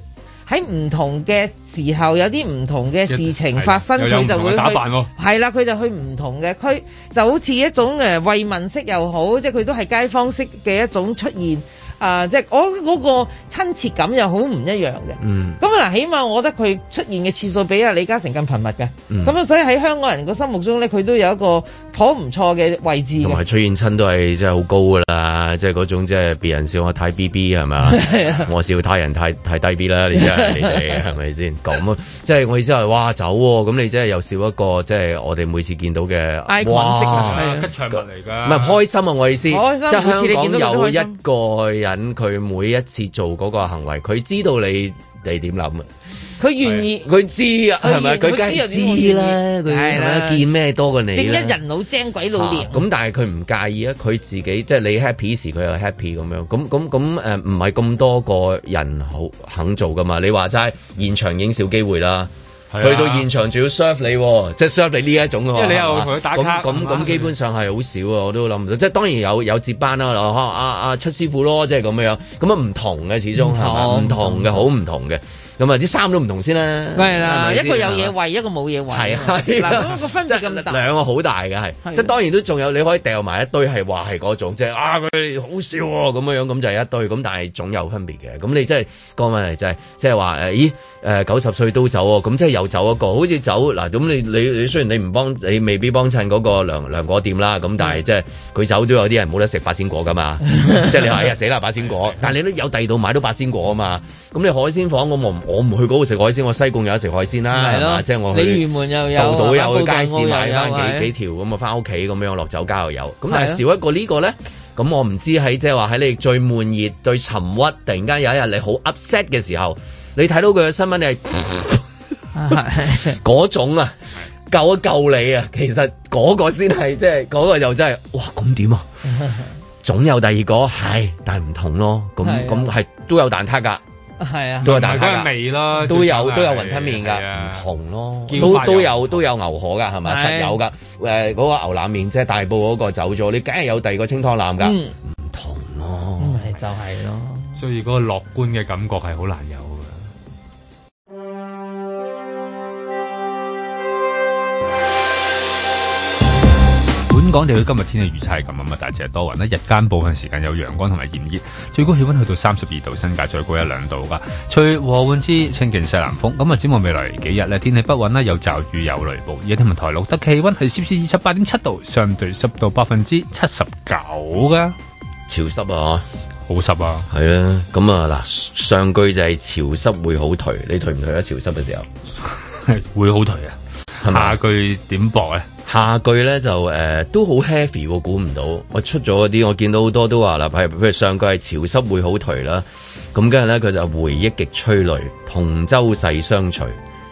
喺唔同嘅時候有啲唔同嘅事情發生，佢就會去係啦，佢就去唔同嘅區，就好似一種誒慰問式又好，即係佢都係街坊式嘅一種出現。啊，即係我嗰個親切感又好唔一樣嘅。嗯，咁嗱，起碼我覺得佢出現嘅次數比阿李嘉誠更頻密嘅。咁啊，所以喺香港人個心目中咧，佢都有一個頗唔錯嘅位置。同埋出現親都係真係好高㗎啦，即係嗰種即係別人笑我太 bb 係咪啊？我笑他人太太低 b 啦，你真係你哋係咪先咁啊？即係我意思係哇走喎，咁你真係又少一個即係我哋每次見到嘅哇吉祥物嚟㗎，唔係開心啊！我意思即係香港有一個。等佢每一次做嗰個行為，佢知道你哋點諗啊？佢願意，佢知啊，係咪？佢梗係知啦，佢啦，見咩多過你，見咩多過你一人老精，鬼老靈。咁、啊、但係佢唔介意啊，佢自己即係你 happy 時，佢又 happy 咁樣。咁咁咁誒，唔係咁多個人好肯做噶嘛？你話齋現場影少機會啦。啊、去到現場仲要 serve 你，哦，即係 serve 你呢一種喎。因為你又同佢打卡咁咁咁基本上係好少，我都諗唔到。即、就、係、是、當然有有接班啦，嚇啊阿、啊啊、七師傅咯，即係咁樣樣，咁啊唔同嘅始終係唔同嘅，好唔、嗯哦、同嘅。吧咁啊！啲衫都唔同先啦，係啦，一個有嘢圍，的一個冇嘢圍，係啊的，咁的個分別咁大，兩個好大嘅係，即係的的當然都仲有，你可以掉埋一堆，係話係嗰種，即係啊，佢好笑咁樣樣，咁就係一堆，咁但係總有分別嘅。咁你即係個問題就係，即係話誒，咦，誒，九十歲都走喎，咁即係又走一個，好似走嗱咁，你你你雖然你唔幫，你未必幫襯嗰個涼涼果店啦，咁但係即係佢走都有啲人冇得食八仙果噶嘛，即係 你話哎呀死啦八仙果，的但係你都有第二度買到八仙果啊嘛，咁你海鮮舫，我冇。我唔去嗰度食海鮮，我西貢有得食海鮮啦，係嘛？即係我去度又有去街市買翻幾幾條，咁啊翻屋企咁樣落酒家又有。咁但係少一個呢個咧，咁我唔知喺即係話喺你最悶熱、最沉鬱，突然間有一日你好 upset 嘅時候，你睇到佢嘅新聞，你嗰種啊，救一救你啊！其實嗰個先係即係嗰個又真係哇！咁點啊？總有第二個係，但係唔同咯。咁咁係都有蛋撻㗎。係啊，都係蛋撻噶味啦，都有都有雲吞麵噶，唔、啊、同咯，都都有、啊、都有牛河噶，係咪、啊、實有噶？誒、呃、嗰、嗰個牛腩麵，即係大埔嗰個走咗，你梗係有第二個清湯腩噶，唔、嗯、同咯，係就係咯，所以嗰個樂觀嘅感覺係好難有。港地區今日天氣預測係咁啊嘛，大致係多雲啦，日間部分時間有陽光同埋炎熱，最高氣温去到三十二度，新界再高一兩度噶。吹和緩之清勁西南風，咁啊展望未來幾日咧，天氣不穩啦，有驟雨有雷暴。而天文台錄得氣温係攝氏二十八點七度，相對濕度百分之七十九噶，潮濕啊，好濕啊，係啦。咁啊嗱，上句就係潮濕會好頹，你頹唔頹啊？潮濕嘅時候 會好頹啊？吧下句點駁啊？下句咧就誒、呃、都好 heavy 估唔到我出咗嗰啲，我見到好多都話啦，譬如譬如上句係潮濕會好頹啦，咁跟住咧佢就回憶極催淚，同舟誓相隨，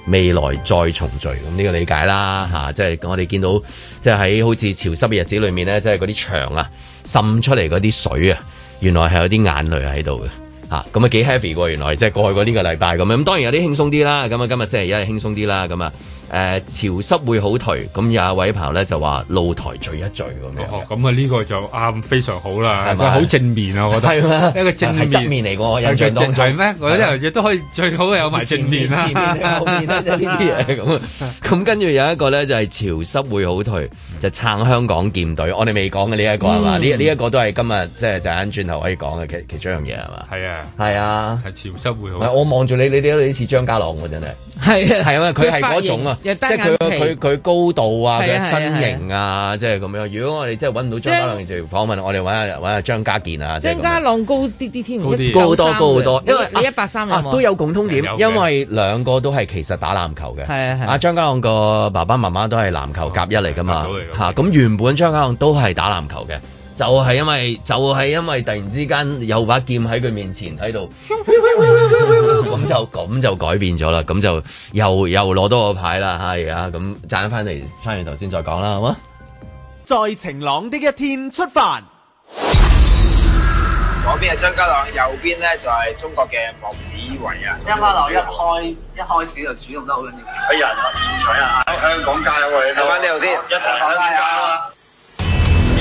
未來再重聚，咁呢個理解啦即係、啊即係、我哋見到即係喺好似潮濕嘅日子裏面咧，即係嗰啲牆啊滲出嚟嗰啲水啊，原來係有啲眼淚喺度嘅，咁啊幾 heavy 原來即係過去過呢個禮拜咁樣，咁當然有啲輕鬆啲啦，咁啊今日星期一係輕鬆啲啦，咁啊。誒潮濕會好頹，咁有一位朋友咧就話露台聚一聚咁樣。咁啊呢個就啱，非常好啦，係咪好正面啊？我覺得係一個正面係正面嚟嘅，我印象當。正面咩？我啲人嘢都可以最好有埋正面啊！正面，呢啲嘢咁咁跟住有一個咧就係潮濕會好頹，就撐香港劍隊。我哋未講嘅呢一個係嘛？呢呢一個都係今日即係就喺轉頭可以講嘅其其中一樣嘢係嘛？係啊，係啊，係潮濕會好。唔，我望住你，你哋好似張家朗喎真係。係係啊，佢係嗰種啊。即係佢佢佢高度啊，佢身形啊，即係咁樣。如果我哋即係揾唔到張家朗，就訪問我哋揾下揾下張家健啊。張家朗高啲啲添，高多高好多，因為你一百三啊都有共通點，因為兩個都係其實打籃球嘅。係啊係啊，張張家朗個爸爸媽媽都係籃球甲一嚟噶嘛，吓，咁原本張家朗都係打籃球嘅。就係因為就係、是、因為突然之間有把劍喺佢面前喺度，咁就咁就改變咗啦。咁就又又攞多個牌啦嚇，啊，咁賺翻嚟，翻完頭先再講啦，好嗎？在晴朗一的一天出發。左邊係張家朗，右邊呢就係、是、中國嘅莫子維啊。張家朗一開一開始就主動得好緊要。哎呀，唔啊！呀，香港加油！你睇翻呢度先，香港一齊開下。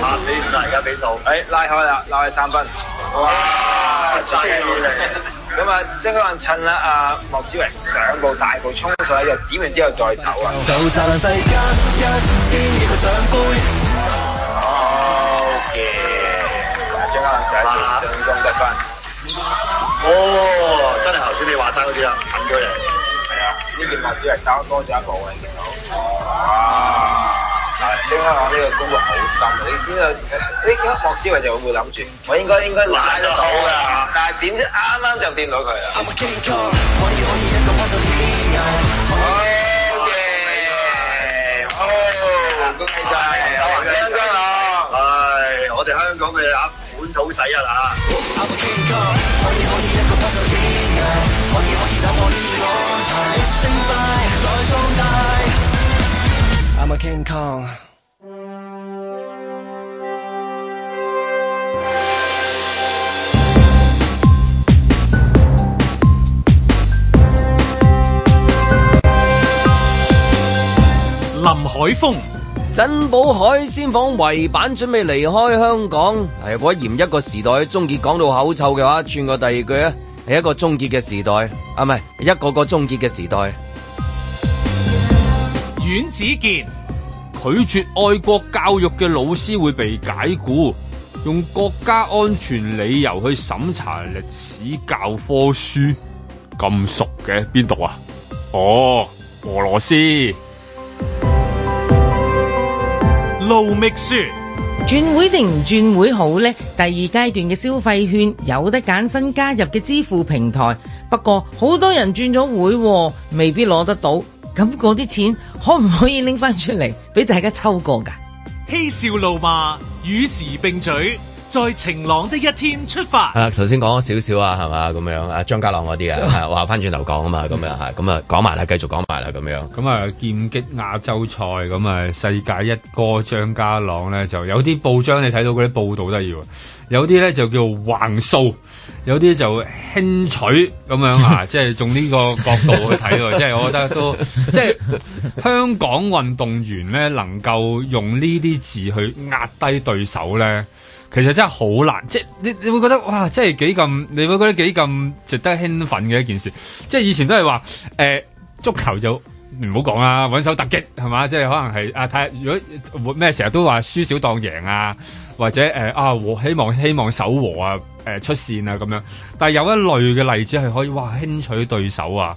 下邊，大家比數，哎、欸，拉開啦，拉開三分，哇，真係好勁！咁啊，張家俊趁啦，阿莫子維上步大步衝上，又點完之後再走啊！就剎那世間，啊、張上一天一個上坡。O K，張家俊射線進攻得分。哦，真係頭先你話齋嗰啲啊，咁多人，係啊，呢邊莫子維交多咗一步喎，見到，哇！聽下我呢個功夫好深，你邊個？你一學之為就會諗住，我應該應該。買到啦！但係點知啱啱就掂到佢。O K，好，恭喜曬，走運曬。李生哥啊！係，我哋香港嘅本土仔啊啦！林海峰，珍寶海鮮坊圍板準備離開香港。如果嫌一個時代終結講到口臭嘅話，轉個第二句啊！係一個終結嘅時代啊，唔係一個個終結嘅時代。阮子健。拒絕愛國教育嘅老師會被解僱，用國家安全理由去審查歷史教科書，咁熟嘅邊度啊？哦，俄羅斯。路秘書轉會定唔轉會好呢？第二階段嘅消費券有得揀新加入嘅支付平台，不過好多人轉咗會，未必攞得到。咁嗰啲錢可唔可以拎返出嚟俾大家抽過㗎？嬉笑怒罵與時並舉。在晴朗的一天出發。剛才小小啊，頭先講咗少少啊，係嘛咁樣啊，張家朗嗰啲啊，話翻轉頭講啊嘛，咁樣係，咁啊講埋啦，繼續講埋啦，咁樣。咁啊劍擊亞洲賽，咁啊世界一哥張家朗咧，就有啲報章你睇到嗰啲報道都要，有啲咧就叫橫掃，有啲就輕取咁樣啊，即係 用呢個角度去睇，即係 我覺得都即係、就是、香港運動員咧，能夠用呢啲字去壓低對手咧。其實真係好難，即係你你會覺得哇，即係幾咁你會覺得幾咁值得興奮嘅一件事，即係以前都係話誒，足球就唔好講啦，穩守突擊係嘛，即係可能係啊睇下如果咩成日都話輸少當贏啊，或者誒、欸、啊和希望希望守和啊誒、欸、出線啊咁樣，但係有一類嘅例子係可以哇輕取對手啊。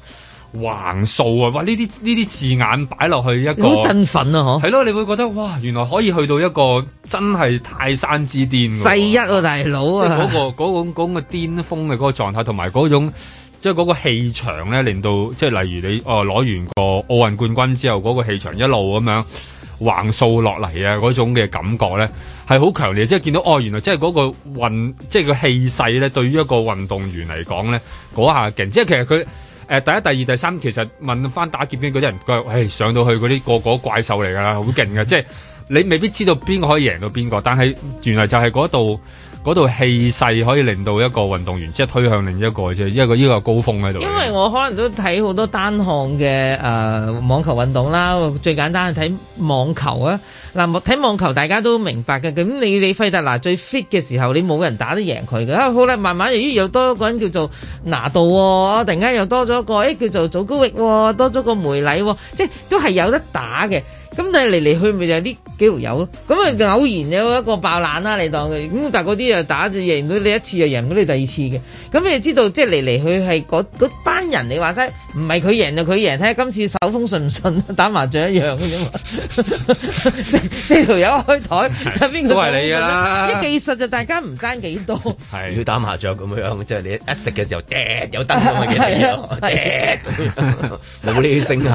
橫掃啊！哇，呢啲呢啲字眼擺落去一個好振奮啊！嗬，係咯，你會覺得哇，原來可以去到一個真係泰山之巔。世一啊，大佬啊！即係嗰、嗰個嗰、嗰個嗰個、種嗰個巔峰嘅嗰個狀態，同埋嗰種即係嗰個氣場咧，令到即係例如你哦攞、呃、完個奧運冠軍之後，嗰、嗰個氣場一路咁樣橫掃落嚟啊！嗰種嘅感覺咧，係好強烈。即係見到哦，原來即係嗰個運，即係個氣勢咧，對於一個運動員嚟講咧，嗰下勁。即係其實佢。誒第一、第二、第三，其實問翻打劫邊嗰啲人，佢誒上到去嗰啲個個怪獸嚟㗎啦，好勁㗎，即係你未必知道邊個可以贏到邊個，但係原來就係嗰度。嗰度氣勢可以令到一個運動員即係推向另一個啫，因為個依個高峰喺度。因為我可能都睇好多單項嘅誒、呃、網球運動啦，最簡單係睇網球啊！嗱，睇網球大家都明白嘅，咁你你費達拿最 fit 嘅時候，你冇人打得贏佢嘅、啊。好啦，慢慢又多一個人叫做拿度喎、哦，突然間又多咗一個，叫做祖高域喎、哦，多咗個梅禮、哦，即係都係有得打嘅。咁但係嚟嚟去咪就係啲幾條友咯，咁啊偶然有一個爆冷啦，你當佢，咁但嗰啲又打就贏到你一次又贏到你第二次嘅，咁你就知道即係嚟嚟去係嗰嗰班人，你話齋唔係佢贏就佢贏，睇下今次手風順唔順，打麻將一樣嘅啫嘛，四條友開台，邊個你順啦？啲技術就大家唔爭幾多，係要打麻將咁樣，即係你一食嘅時候，有燈啊，冇呢啲聲效，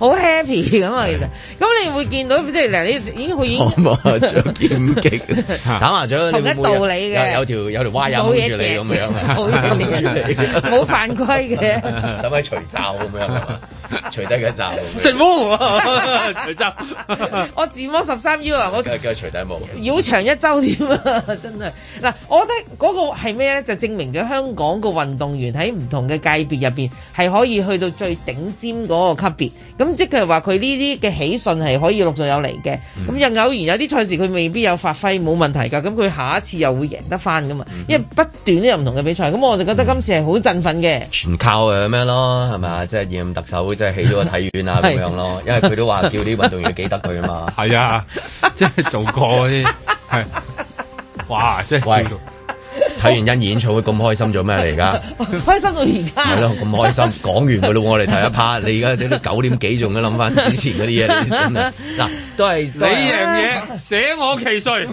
好 happy 咁啊，其實咁你會見到即係嗱，你已經好劍擊打麻將，你會會同一道理嘅，有條有一條歪音捉住你咁樣啊，冇 犯規嘅，使唔使 除罩咁樣？ 除低一罩，食污除罩， 我自摸十三幺啊！我梗係今日除低帽繞場一周添啊！真係嗱、啊，我覺得嗰個係咩咧？就證明咗香港個運動員喺唔同嘅界別入邊係可以去到最頂尖嗰個級別。咁即係話佢呢啲嘅喜訊係可以陸續有嚟嘅。咁、嗯、又偶然有啲賽事佢未必有發揮冇問題㗎。咁佢下一次又會贏得翻㗎嘛？嗯、因為不斷都有唔同嘅比賽。咁我就覺得今次係好振奮嘅。全靠誒咩咯？係咪啊？即係現特首。即係起咗個體院啊咁 樣咯，因為佢都話叫啲運動員記得佢啊嘛。係啊，即係做過嗰啲係哇，即係。睇完欣演唱會咁開心做咩嚟㗎？開心到而家。係咯，咁開心，講完佢咯。我哋睇一 part，你而家都九點幾，仲喺諗翻之前嗰啲嘢嗱，都係呢樣嘢，捨我其誰？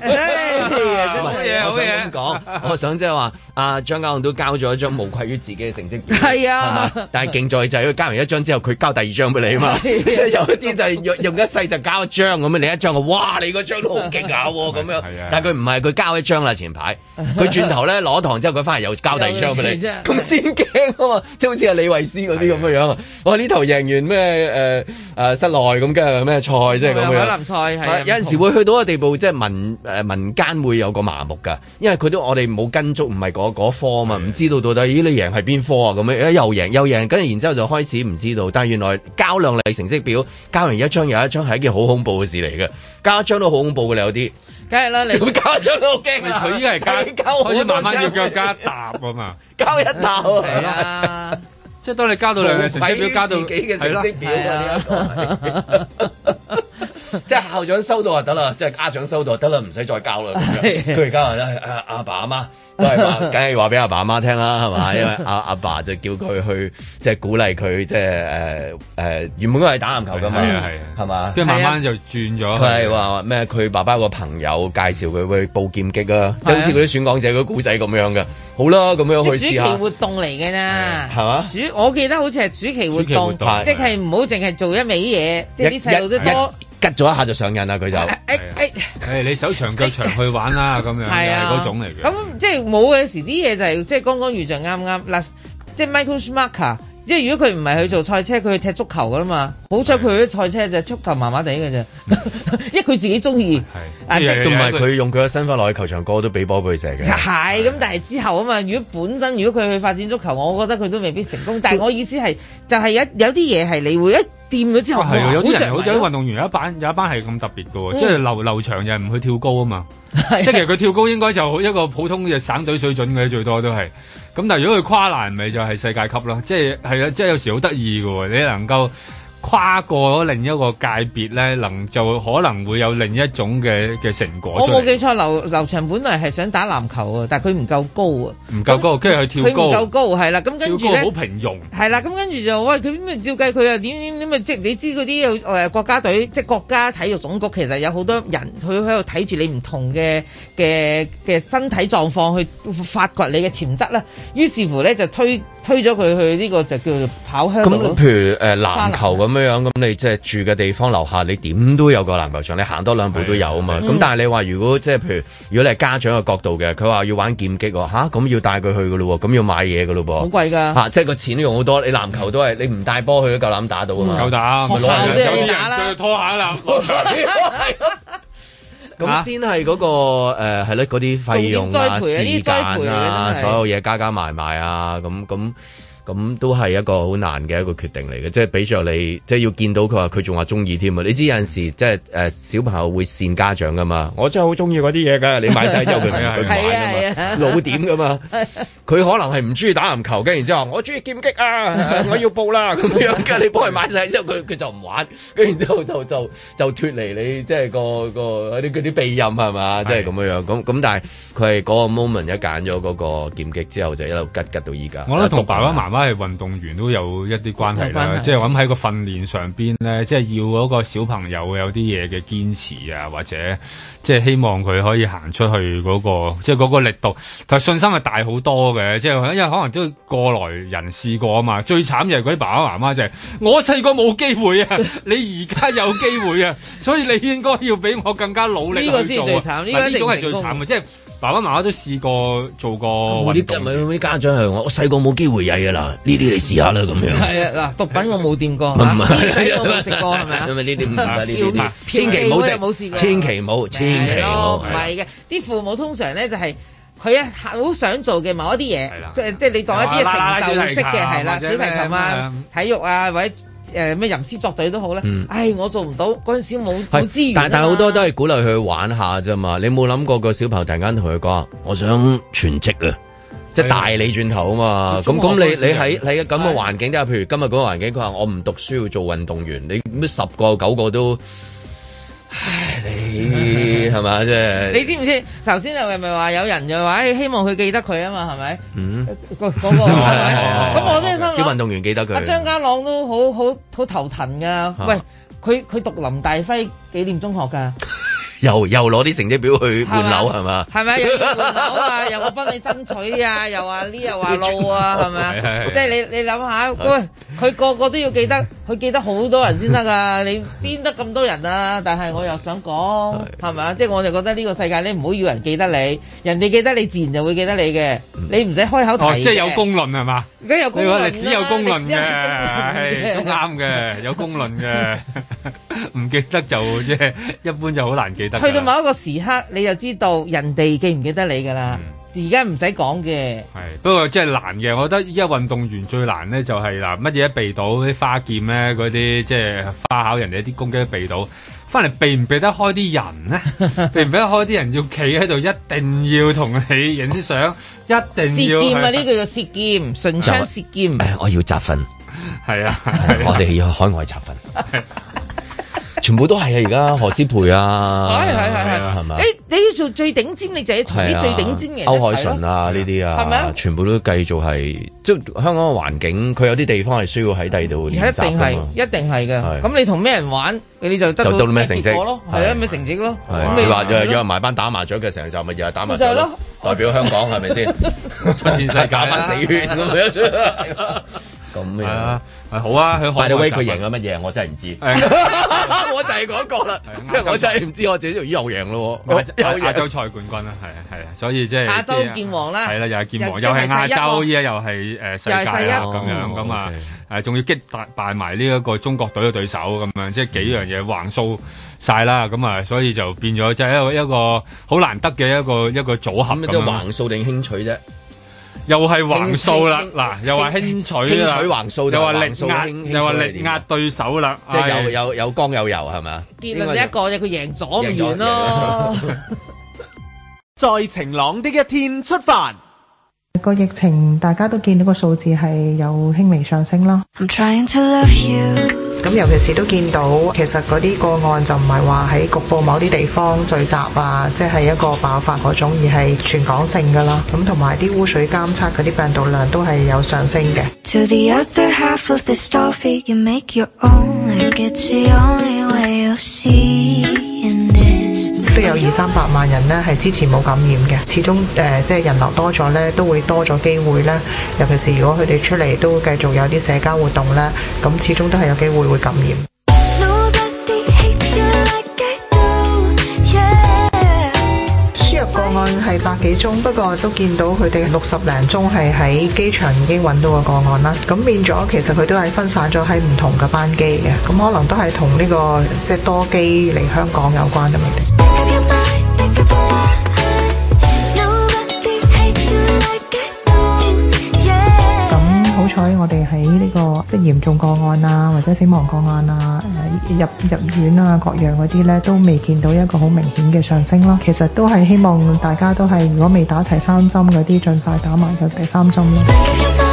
好嘢，好嘢。我想咁講，我想即係話，阿張家勇都交咗一張無愧於自己嘅成績。係啊，但係勁在就係佢交完一張之後，佢交第二張俾你啊嘛。即有一啲就係用一世就交一張咁樣，你一張我，哇！你嗰張都好勁下喎咁樣。係啊。但係佢唔係，佢交一張啦。前排佢轉頭咧。攞堂之後，佢翻嚟又交第二張俾你，咁先驚啊嘛！即係好似係李慧詩嗰啲咁嘅樣啊！我呢的頭贏完咩誒誒室內咁嘅咩賽，即係咁樣。海南菜係、啊、有陣時會去到個地步，即、就、係、是、民誒、呃、民間會有個麻木㗎，因為佢都我哋冇跟足，唔係嗰嗰科啊嘛，唔的知道到底咦你贏係邊科啊咁樣。一又贏又贏，跟住然之後，後就開始唔知道，但係原來交量嚟成績表，交完一張又一張係一件好恐怖嘅事嚟嘅，交一張都好恐怖㗎啦有啲。梗係啦，你加咗都驚佢依家係加，加我慢慢要叫加一沓 答啊嘛，加一沓係啊。即係 當你交到兩不不加到兩，成績表加到自己嘅成績表啊啲。 即係校長收到就得啦，即係家長收到就得啦，唔使再交啦。咁樣，佢而家阿阿爸阿媽都係話，梗係話俾阿爸阿媽聽啦，係咪？因為阿阿爸就叫佢去，即係鼓勵佢，即係誒誒，原本都係打籃球噶嘛，係嘛，即係慢慢就轉咗。佢係話咩？佢爸爸個朋友介紹佢去報劍擊啊，即係好似嗰啲選港者嗰個古仔咁樣嘅。好啦，咁樣去試下。係啊，係啊。係嘛？暑我記得好似係暑期活動，即係唔好淨係做一味嘢，即係啲細路都多。吉咗一下就上癮啦，佢就誒你手長腳長去玩啦、啊，咁、哎、樣係啊嗰種嚟嘅。咁即係冇嘅時啲嘢就係、是、即係剛剛遇著啱啱嗱，即係 Michael Schumacher，即係如果佢唔係去做賽車，佢去踢足球噶啦嘛。好彩佢啲賽車就足球麻麻地嘅啫，因為佢的自己中意。係啊、哎，即係同佢用佢嘅身份落去球場，哥都俾波背射嘅。係咁，但係之後啊嘛，如果本身如果佢去發展足球，我覺得佢都未必成功。的但係我意思係，就係、是、有有啲嘢係你會一。咗之後、啊、有啲人，有啲、啊、運動員有一班有一班係咁特別㗎喎，嗯、即係劉劉翔又唔去跳高啊嘛， 即係其實佢跳高應該就一個普通嘅省隊水準嘅最多都係，咁但係如果佢跨欄，咪就係世界級囉，即係啊，即係有時好得意㗎喎，你能夠。跨過另一個界別咧，能就可能會有另一種嘅嘅成果。我冇記錯，劉劉翔本嚟係想打籃球啊，但係佢唔夠高啊，唔夠高，跟住佢跳高唔夠高，係啦，咁跟住咧好平庸，係啦，咁跟住就喂佢咁咪照計佢又點點點咪即係你知嗰啲又誒國家隊，即係國家體育總局其實有好多人佢喺度睇住你唔同嘅嘅嘅身體狀況去發掘你嘅潛質啦。於是乎咧就推推咗佢去呢個就叫做跑香。咁譬如誒籃球咁。咁樣，咁你即係住嘅地方樓下，你點都有個籃球場，你行多兩步都有啊嘛。咁但係你話如果即係譬如，如果你係家長嘅角度嘅，佢話要玩劍擊，吓咁要帶佢去噶咯，咁要買嘢噶咯好貴噶，吓即係個錢都用好多。你籃球都係你唔帶波去，都夠膽打到啊嘛，夠打，即係拖下籃球。咁先係嗰個誒，係嗰啲費用啊，時間啊，所有嘢加加埋埋啊，咁咁。咁都係一個好難嘅一個決定嚟嘅，即係比着你，即係要見到佢話佢仲話中意添啊！你知有陣時即係誒、呃，小朋友會善家長噶嘛？我真係好中意嗰啲嘢噶，你買晒之後佢唔玩㗎嘛， 老點噶嘛？佢 可能係唔中意打籃球跟然之後我中意劍擊啊！ 我要報啦咁樣噶，你幫佢買晒之後，佢佢就唔玩，跟然之後就就就脫離你，即、就、係、是那個、那個啲避啲鼻音係嘛？即係咁樣樣咁咁，但係佢係嗰個 moment 一揀咗嗰個劍擊之後，就一路吉吉到依家。我覺得同爸爸媽媽。係運動員都有一啲關係啦，即係諗喺個訓練上邊咧，即係要嗰個小朋友有啲嘢嘅堅持啊，或者即係希望佢可以行出去嗰個，即係個力度，但係信心係大好多嘅，即係因為可能都過來人試過啊嘛。最慘又係嗰啲爸爸媽媽，就係我細個冇機會啊， 你而家有機會啊，所以你應該要比我更加努力。呢個先最慘，呢種係最慘嘅，即係。爸爸媽媽都試過做過，唔係啲家長係我，我細個冇機會曳噶啦，呢啲你試下啦咁樣。係啊，嗱，毒品我冇掂過，煙仔我冇食過，係咪啊？因為呢啲唔得，呢啲千祈唔好。千祈冇試過，千祈唔好。千祈冇。唔係嘅，啲父母通常咧就係佢啊好想做嘅某一啲嘢，即係即係你當一啲啊成就式嘅係啦，小提琴啊、體育啊或者。誒咩？吟詩、呃、作對都好咧。唉、嗯哎，我做唔到，嗰陣時冇冇是資源但。但但好多都係鼓勵佢玩下啫嘛。你冇諗過個小朋友突然間同佢講：我想全職啊，即係大你轉頭啊嘛。咁咁，你你喺喺咁嘅環境，即係、啊、譬如今日嗰個環境，佢話我唔讀書要做運動員，你咩十個九個都。唉，你係嘛，即係？你知唔知頭先又係咪話有人又話希望佢記得佢啊嘛？係咪？嗯，嗰個，咁我都係心諗啲運動員記得佢。阿張家朗都好好好頭疼噶，喂，佢佢讀林大輝紀念中學噶，又又攞啲成績表去換樓係嘛？係咪？有換樓啊？又我幫你爭取啊？又話呢又話路啊？係咪啊？即係你你諗下。喂。佢個個都要記得，佢記得好多人先得㗎！ 你邊得咁多人啊？但係我又想講，係咪啊？即係我就覺得呢個世界你唔好以為人記得你，人哋記得你，自然就會記得你嘅。你唔使開口提嘅。哦，即係有公論係嘛？而家有公論嘅，都啱嘅，有公論嘅。唔 記得就即係一般就好難記得。去到某一個時刻，你就知道人哋記唔記得你噶啦。嗯而家唔使講嘅，不過即係難嘅。我覺得依家運動員最難咧，就係嗱，乜嘢都避到啲花劍咧，嗰啲即係花巧人哋啲攻擊都避到，翻嚟避唔避得開啲人咧？ 避唔避得開啲人要企喺度，一定要同你影啲相， 一定要。舌劍啊！呢、呢個叫舌劍，順槍舌劍、呃。我要集訓，係啊！啊 我哋要去海外集訓。 全部都係啊！而家何思培啊，係係係係，係你要做最頂尖，你就要同啲最頂尖嘅歐海純啊呢啲啊，係咪？全部都繼續係即香港嘅環境，佢有啲地方係需要喺第度練習一定係，一定係嘅。咁你同咩人玩，你就得到咩成績咯。係啊，咩成績咯。你話約約埋班打麻雀嘅時候，就咪又係打麻雀咯。代表香港係咪先？出戰世界班四圈咁啊，係好啊！快威佢贏咗乜嘢我真係唔知，我就係嗰個啦。即係我真係唔知我自己又贏咯喎！亞洲賽冠軍啦，係啊係啊，所以即係亞洲劍王啦，係啦又係劍王，又係亞洲依家又係誒世界咁樣，咁啊誒，仲要擊敗敗埋呢一個中國隊嘅對手咁樣，即係幾樣嘢橫掃晒啦！咁啊，所以就變咗即係一個一個好難得嘅一個一個組合咁樣。橫掃定輕取啫？又係橫掃啦，嗱，又話輕取啦，輕取、橫掃又話力壓，又話力壓對手啦，即係，哎，有有有光有油係咪？結論一個一佢贏咗咪完咯？在晴朗的一天出發，個疫情大家都見到個數字係有輕微上升咯 trying to love you 咁尤其是都見到，其實嗰啲個案就唔係話喺局部某啲地方聚集啊，即係一個爆發嗰種，而係全港性噶啦。咁同埋啲污水監測嗰啲病毒量都係有上升嘅。都有二三百萬人咧，係之前冇感染嘅。始終誒，即、呃、係、就是、人流多咗咧，都會多咗機會咧。尤其是如果佢哋出嚟都繼續有啲社交活動咧，咁始終都係有機會會感染。輸入個案係百幾宗，不過都見到佢哋六十零宗係喺機場已經揾到個個案啦。咁變咗其實佢都係分散咗喺唔同嘅班機嘅。咁可能都係同呢個即係多機嚟香港有關咁樣。咁好彩、這個，我哋喺呢個即係嚴重個案啊，或者死亡個案啊，入入院啊各樣嗰啲呢，都未見到一個好明顯嘅上升咯。其實都係希望大家都係，如果未打齊三針嗰啲，盡快打埋個第三針咯。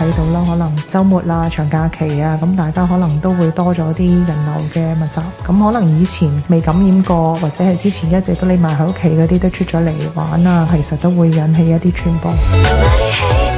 睇到啦，可能周末啦、啊、長假期啊，咁大家可能都會多咗啲人流嘅密集，咁可能以前未感染過，或者係之前一直都匿埋喺屋企嗰啲，都出咗嚟玩啊，其實都會引起一啲傳播。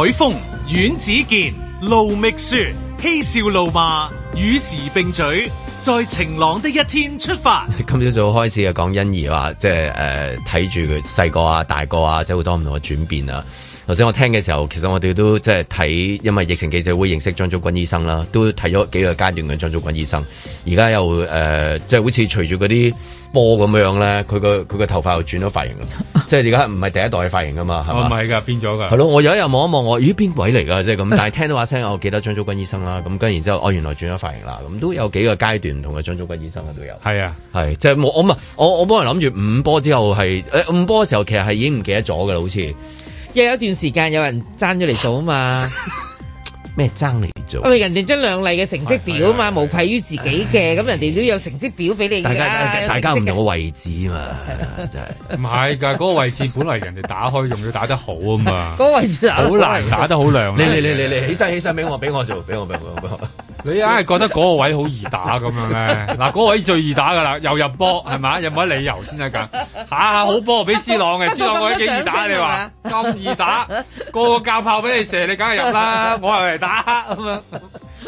海風阮子健、盧覓雪，嬉笑怒罵與時並舉，在晴朗的一天出發。今朝早開始兒就講欣宜話，即係誒睇住佢細個啊、大個啊，即係好多唔同嘅轉變啊。頭先我聽嘅時候，其實我哋都即係睇，因為疫情記者會認識張竹君醫生啦，都睇咗幾個階段嘅張竹君醫生。而家又誒，即、呃、係、就是、好似隨住嗰啲。波咁樣咧，佢個佢個頭髮又轉咗髮型 即係而家唔係第一代嘅髮型噶嘛，係嘛 吧？唔係噶，變咗噶。係咯，我有一日望一望我，咦邊位嚟噶？即係咁，但係聽到話聲，我記得張竹君醫生啦、啊，咁、嗯、跟然之後，哦原來轉咗髮型啦，咁、嗯、都有幾個階段唔同嘅張竹君醫生嘅都有。係啊， 係即係我我唔我我幫人諗住五波之後係誒五波嘅時候，其實係已經唔記得咗嘅啦，好似又有一段時間有人爭咗嚟做啊嘛。 咩張嚟做？因為人哋張靚麗嘅成績表嘛，是是是是是無愧於自己嘅，咁是是 人哋都有成績表俾你、啊、大家大家唔同個位置嘛，真係唔係噶，嗰 個位置本來人哋打開仲要打得好啊嘛。嗰 個位置好難打得好靚。你你你你起身起身俾我俾我做，俾我俾我俾我。 你硬係覺得嗰個位好易打咁樣咧？嗱，嗰位最易打噶啦，又入波係嘛？有冇理由先得噶？下、啊、下好波俾斯朗嘅，一個斯朗嗰位幾易打？你話咁易打，個個教炮俾你射，你梗係入啦。我係嚟打咁樣。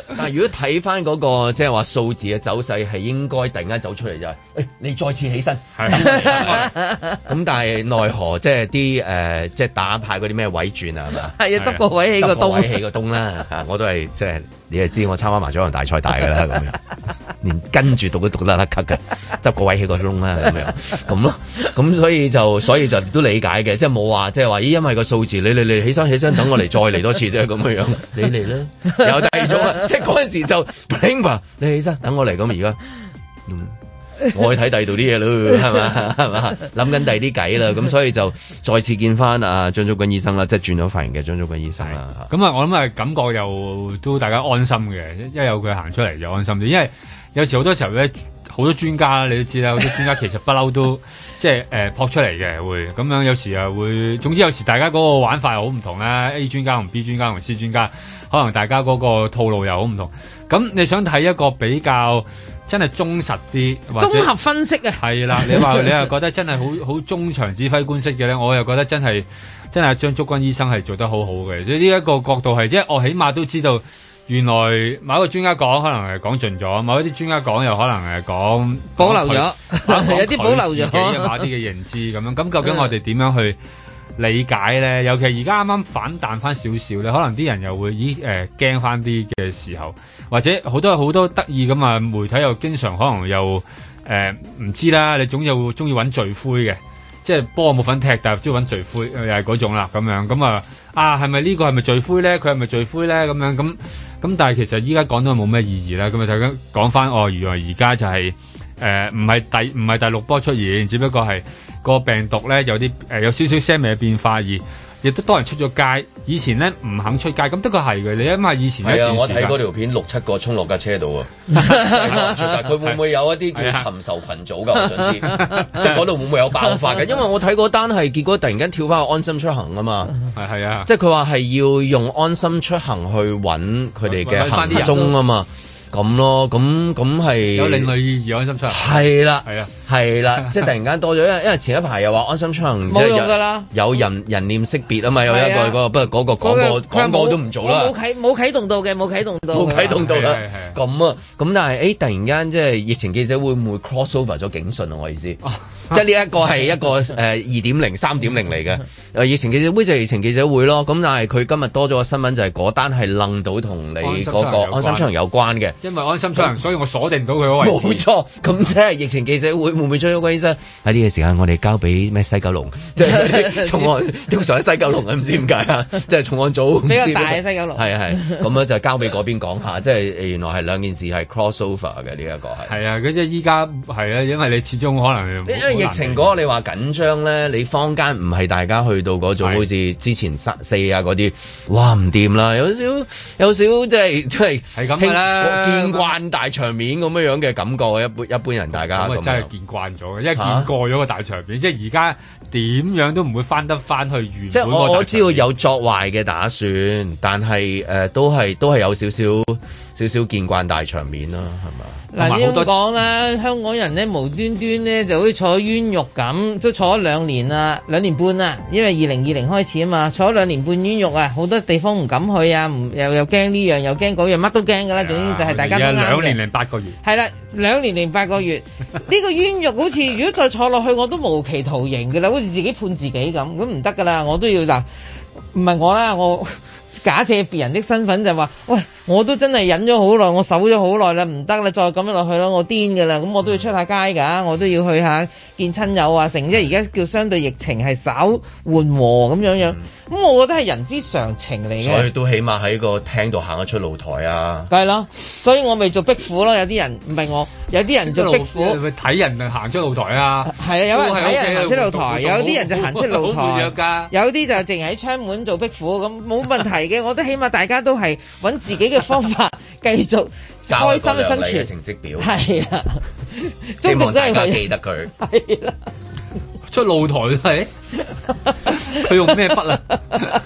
嗱，但如果睇翻嗰個即係話數字嘅走勢，係應該突然間走出嚟就係、是欸，你再次起身。係咁，但係奈何即係啲誒，即、就、係、是呃就是、打牌嗰啲咩位轉啊？係嘛，係啊，執個位起個東的，位起個東啦、 啊。我都係即係。就是你係知我參加埋咗王大賽大㗎啦，咁樣連跟住讀都讀得甩級嘅，執個位起個鐘啦，咁樣咁咯，咁所以就所以就都理解嘅，即係冇話即係話咦，因為個數字你你你起身起身等我嚟再嚟多次即係咁樣，你嚟啦，又低咗， 即係嗰陣時就，你起身等我嚟，咁而家，嗯。 我去睇第二度啲嘢咯，係嘛，係嘛，諗緊第二啲計啦，咁所以就再次見翻阿張竹君醫生啦，即係轉咗髮型嘅張竹君醫生。咁啊，我諗啊，感覺又都大家安心嘅，一有佢行出嚟就安心啲，因為有時好多時候咧，好多專家你都知啦，好多專家其實不嬲都 即係誒撲出嚟嘅，會咁樣有時啊會，總之有時大家嗰個玩法又好唔同啦，A 專家同 B 專家同 C 專家，可能大家嗰個套路又好唔同，咁你想睇一個比較。真係忠實啲，綜合分析啊，係啦。你話你又覺得真係好好中場指揮官式嘅咧，我又覺得真係真係張竹君醫生係做得好好嘅。即係呢一個角度係，即係我起碼都知道原來某一個專家講可能係講盡咗，某一啲專家講又可能係講保留咗，或說 有啲保留咗，有啲嘅認知咁樣。咁究竟我哋點樣去？嗯理解咧，尤其而家啱啱反彈翻少少咧，可能啲人又會咦誒驚翻啲嘅時候，或者好多好多得意咁啊，媒體又經常可能又誒唔、呃、知啦，你總有中意揾罪魁嘅，即係波冇份踢，但係中意揾罪魁又係嗰種啦咁樣咁啊，啊，係咪呢個係咪罪魁咧？佢係咪罪魁咧？咁樣咁咁，但係其實依家講都冇咩意義啦。咁咪就講返翻哦，原來而家就係誒唔係第唔係第六波出現，只不過係。個病毒咧，有啲誒、呃、有少少些微嘅變化，而亦都多人出咗街，以前咧唔肯出街，咁的確係嘅。你諗下以前呢，啊、我睇嗰條片六七個衝落架車度啊，但佢 會唔會有一啲叫尋仇群組噶？我想知，即係嗰度會唔會有爆發嘅？ 因為我睇嗰單係結果突然間跳翻去安心出行啊嘛，係係啊，即係佢話係要用安心出行去揾佢哋嘅行蹤啊嘛。 咁咯，咁咁係有另類意義嘅安心出行，係啦，係啊，係啦，即係突然間多咗，因為因為前一排又話安心出行冇咗噶啦，有人人臉識別啊嘛，有一個個不過嗰個嗰個嗰個都唔做啦，冇啟冇啟動到嘅，冇啟動到，冇啟動到啦，咁啊，咁但係，哎，突然間即係疫情記者會唔會 cross over 咗警訊啊？我意思。啊、即係呢一個係一個誒二點零、三點零嚟嘅誒疫情記者會，就係疫情記者會咯。咁但係佢今日多咗個新聞，就係、是、嗰單係愣到同你嗰、那個安心出行有關嘅。關因為安心出行，所以我鎖定唔到佢個位置冇、嗯、錯，咁即係疫情記者會會唔會出關醫生喺呢個時間，我哋交俾咩西九龍即係 重案通常喺西九龍嘅，唔 知點解啊？即、就、係、是、重案組比較大嘅西九龍係係咁樣就交俾嗰邊講下， 即係原來係兩件事係 cross over 嘅呢一、這個係係啊！佢即係依家係啊，因為你始終可能。疫情嗰個你話緊張咧，你坊間唔係大家去到嗰種好似是之前沙士啊嗰啲，哇唔掂啦，有少有少即係即係係咁啦，見慣大場面咁樣嘅感覺，一般一般人大家咁啊，真係見慣咗嘅，因為見過咗個大場面，即係而家點樣都唔會返得返去原。即係我都知道有作壞嘅打算，但係誒、呃、都係都係有少少。少少見慣大場面啦，係嘛？嗱，應該講啦，香港人咧無端端咧就好似坐冤獄咁，都坐咗兩年啦，兩年半啦，因為二零二零開始啊嘛，坐咗兩年半冤獄啊，好多地方唔敢去啊，唔又驚、呢樣、又驚呢樣又驚嗰樣，乜都驚㗎啦。總之就係大家都啱嘅。兩年零八個月。係啦，兩年零八個月，呢 個冤獄好似如果再坐落去，我都無期徒刑㗎啦，好似自己判自己咁，咁唔得㗎啦，我都要嗱，唔係我啦，我。假借別人的身份就話，喂，我都真係忍咗好耐，我守咗好耐啦，唔得啦，再咁樣落去咯，我癲噶啦，咁我都要出下街噶，嗯、我都要去下見親友啊，成即而家叫相對疫情係稍緩和咁樣樣，咁、嗯、我覺得係人之常情嚟嘅。所以都起碼喺個廳度行一出露台啊。梗係啦，所以我咪做壁虎咯。有啲人唔係我，有啲人做壁虎。睇人行出露台啊。係啊，有人睇人行出，出露台，有啲人就行出露台，好有啲好就淨喺窗門做壁虎咁冇問題。 嚟嘅，我覺得起碼大家都係揾自己嘅方法，繼續開心嘅生存。係啊，希望真係記得佢。係啦，出露台都係，佢用咩筆啊？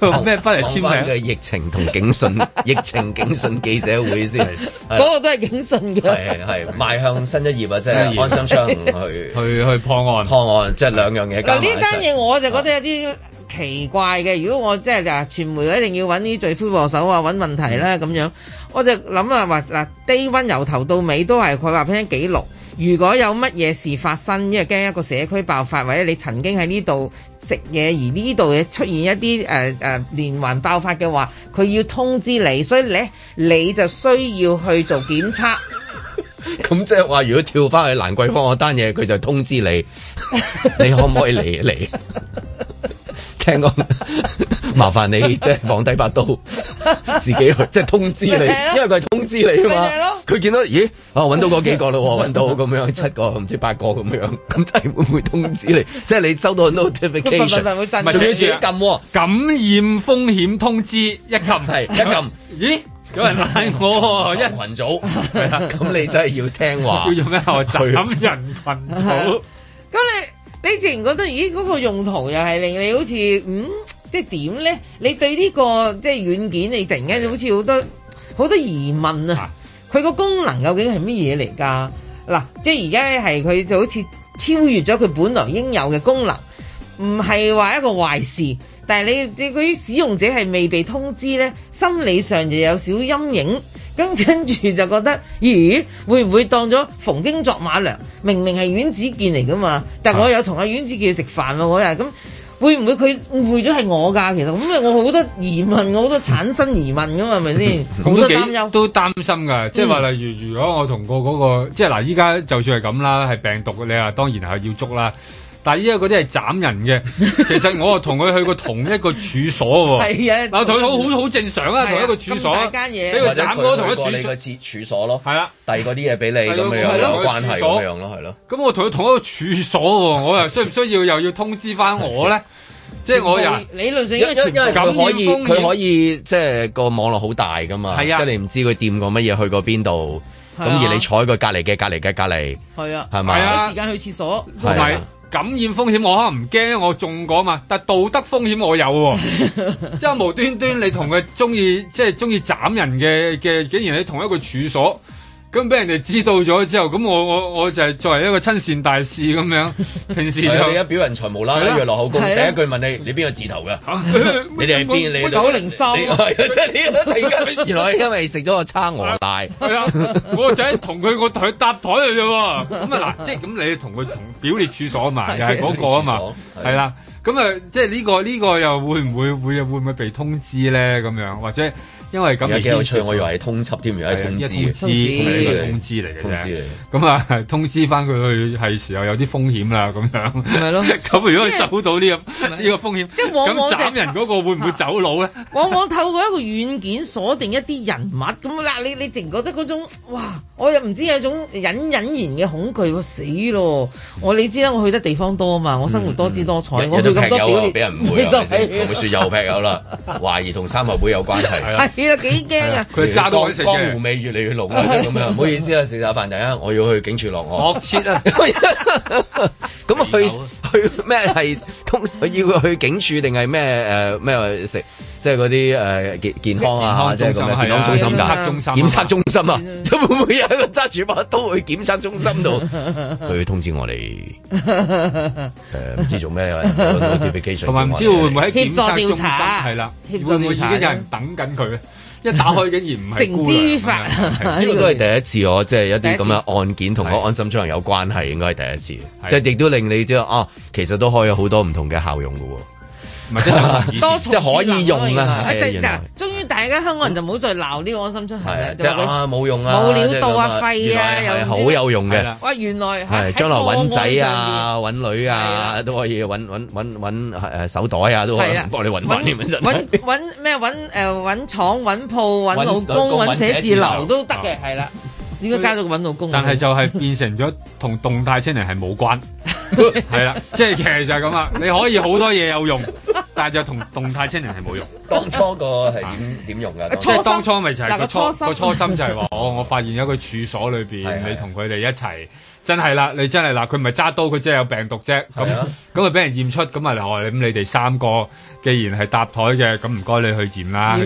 用咩筆嚟簽名？嘅疫情同警訊，疫情警訊記者會先，嗰個都係警訊㗎。係係，邁向新一頁啊！即係安心商去去去破案，破案即係兩樣嘢。嗱，呢單嘢我就覺得有啲，奇怪嘅，如果我即係嗱，傳、就是、媒一定要揾啲罪魁禍首啊，揾問題啦咁、嗯、樣，我就諗啊，話嗱低溫由頭到尾都係佢話翻啲記錄。如果有乜嘢事發生，因為驚一個社區爆發，或者你曾經喺呢度食嘢，而呢度嘢出現一啲誒誒連環爆發嘅話，佢要通知你，所以你你就需要去做檢測。咁即係話，如果跳翻去蘭桂坊嗰單嘢，佢就通知你， 你可唔可以嚟嚟？來 聽講， 麻煩你即係放低把刀，自己去即係通知你，因為佢係通知你啊嘛。佢見到咦，啊揾到嗰幾個咯，揾到咁樣七個唔知八個咁樣，咁真係會唔會通知你？即係你收到個 notification，仲要自己撳感染風險通知一撳係一撳，咦？有人拉我一群組，咁、 啊、你真係要聽話，要用頭咁人群組，咁、啊、你？你自然覺得，咦？嗰個用途又係令你好似，嗯，即係點咧？你對呢個即係軟件，你突然間好似好多好多疑問啊！佢個功能究竟係乜嘢嚟㗎？嗱，即係而家係佢就好似超越咗佢本來應有嘅功能，唔係話一個壞事。但係你你嗰啲使用者係未被通知咧，心理上就有少陰影，咁跟住就覺得咦，會唔會當咗馮京作馬涼？明明係阮子健嚟噶嘛，但係我有同阿阮子健食飯喎，嗰日咁，會唔會佢誤會咗係我㗎？其實咁我好多疑問，我好多產生疑問㗎、啊、嘛，係咪先？好多擔憂都擔心㗎，即係話例如如果我同、個嗰個、嗯、即係嗱，依家就算係咁啦，係病毒你啊當然係要捉啦。但依家嗰啲係斬人嘅，其實我啊同佢去過同一個處所喎。係啊，同佢好好好正常啊，同一個處所，嘢，俾佢斬。我同佢處所咯，係啊，遞嗰啲嘢俾你咁樣有關係咁樣咯，係咯。咁我同佢同一個處所喎，我又需唔需要又要通知翻我咧？即係我又理論上因為佢可以，佢可以即係個網絡好大㗎嘛。係啊，即係你唔知佢掂過乜嘢，去過邊度，咁而你坐喺佢隔離嘅隔離嘅隔離，係啊，係嘛？時間去廁所好抵。感染風險我可能唔驚，我中過嘛。但道德風險我有喎，即係 無端端你同佢鍾意，即係鍾意斬人嘅嘅，竟然喺同一個處所。咁俾人哋知道咗之後，咁我我我就係作為一個親善大使咁樣，平時就一表人才冇啦，落後工第一句問你，你邊個字頭㗎？你哋係邊？你九零三，原來因為食咗個叉鵝大。係啊，我就係同佢，我搭台嚟啫。咁啊嗱，即係咁，你同佢同表列處所啊嘛，又係嗰個啊嘛，係啦。咁啊，即係呢個呢個又會唔會會會唔會被通知咧？咁樣或者？因為咁幾有趣，我以為係通緝添，而家通知通知通知嚟嘅啫。咁啊，通知翻佢去係時候有啲風險啦。咁樣係咯。咁如果佢走到呢個呢個風險，即係往往斬人嗰個會唔會走佬咧？往往透過一個軟件鎖定一啲人物咁啦。你你淨覺得嗰種哇，我又唔知有種隱隱然嘅恐懼喎，死咯！我你知啦，我去得地方多啊嘛，我生活多姿多彩。我劈友俾人唔會，你仲説又劈友啦？懷疑同三合會有關係。幾驚 啊，啊！佢揸到去食嘅，江湖味越嚟越濃啊！咁、啊、樣唔好意思啊，食下飯第一，我要去警署落案。 惡切啊 去！咁去 去咩係？通常要去警署定係咩？誒咩去食？呃即係嗰啲誒健健康啊吓，即係咁樣健康中心噶，檢測中心啊，會唔會有一個揸住把刀去檢測中心度，去通知我哋？誒，唔知做咩？好似俾機上同埋唔知會唔會喺檢測中心？係啦，會唔會有人等緊佢？一打開竟然唔係。成之於法呢個都係第一次。我即係一啲咁嘅案件同我安心出行有關係，應該係第一次。即係亦都令你知哦，其實都可以有好多唔同嘅效用噶。唔係即係可以用啊！啊，終於大家香港人就唔好再鬧呢個安心出行啦！即係啊，冇用啊，冇料到啊，廢啊！係好有用嘅。原來係將來搵仔啊、搵女啊都可以搵揾揾揾手袋啊，都可以幫你搵揾揾揾咩揾誒揾廠揾鋪揾老公搵寫字樓都得嘅，係啦。應該加咗搵老公，啊，但係就係變成咗同動態青年係冇關， 係啦，即係其實就係咁啦，你可以好多嘢有用，但係就同動態青年係冇用。當初個係點點用噶？即、啊、當初咪就係個初心，初個初，、啊、初心就係話心、哦、我發現咗個處所裏邊， 你同佢哋一齊。真係啦，你真係啦，佢唔係揸刀，佢真係有病毒啫。咁咁啊，俾人驗出，咁啊，哦，咁你哋三個既然係搭台嘅，咁唔該你去驗啦，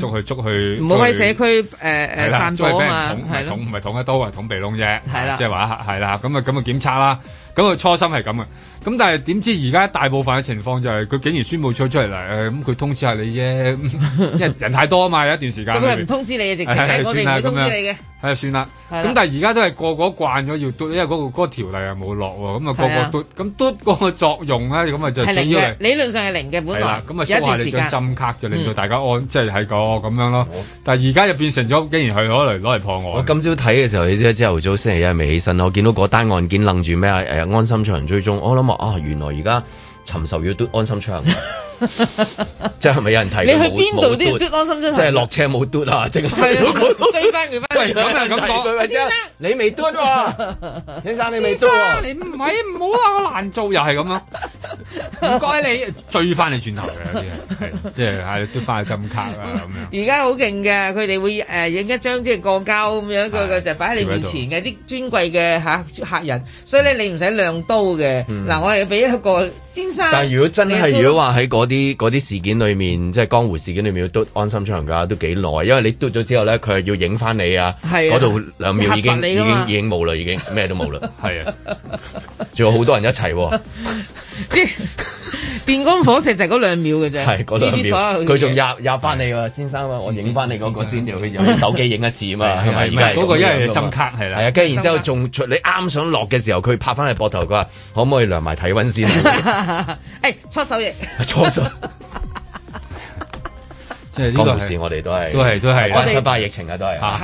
捉去捉去。唔好喺社區誒誒散播，係咯。唔係捅一刀，係捅鼻窿啫。係啦，即係話係啦，咁啊咁啊檢查啦，咁啊初心係咁嘅。咁但係點知而家大部分嘅情況就係佢竟然宣佈咗出嚟啦，誒咁佢通知下你啫，因為人太多嘛，有一段時間。咁佢唔通知你嘅，直情係我哋唔通知你嘅。係算啦，咁的但係而家都係個個慣咗要篤，因為嗰個嗰個條例又冇落喎，咁啊個個嘟，咁嘟的個作用咧，咁啊就零嘅，理論上係零嘅，本來。係啦，咁啊稍下你一時將針卡就令到大家安，即係係個咁樣咯。但係而家就變成咗，竟然係攞嚟攞嚟破案。我今朝睇嘅時候，你知啊，朝頭早星期一未起身，我見到嗰單案件愣住咩啊？誒安心出行追蹤，我諗啊，原來而家。尋仇要嘟安心唱，即係咪有人睇？你去邊度都要嘟安心唱？即係落車冇嘟啊！即係追翻佢翻。咁又咁講，先你未嘟喎，先生你未嘟，你唔係唔好話我難做，又係咁咯。唔該，你追翻你轉頭嘅，係即係係都翻去金卡啊咁樣。而家好勁嘅，佢哋會誒影一張即係過膠咁樣，個就擺喺你面前嘅。啲尊貴嘅吓客人，所以咧你唔使亮刀嘅。嗱，我係俾一個先生。但係如果真係，如果話喺嗰啲啲事件裏面，即係江湖事件裏面都安心出行噶，都幾耐，因為你嘟咗之後咧，佢係要影翻你啊，嗰度兩秒已經已經已經冇啦，已經咩都冇啦，係啊，仲有好多人一齊。啲 電光火石就嗰兩秒嘅啫，係嗰兩秒，佢仲入入翻你喎，20, 啊、對先生啊，我影翻你嗰個先，又用手機影一次啊嘛，係咪？ 唔嗰、嗰個因為係針卡係啦，係啊，跟住然之後仲出對你啱想落嘅時候，佢拍翻你膊頭，佢話可唔可以量埋體温先？誒 欸，搓手液搓手。 呢個時我哋都係，都係都係，阿西牙班疫情啊都係。係啊，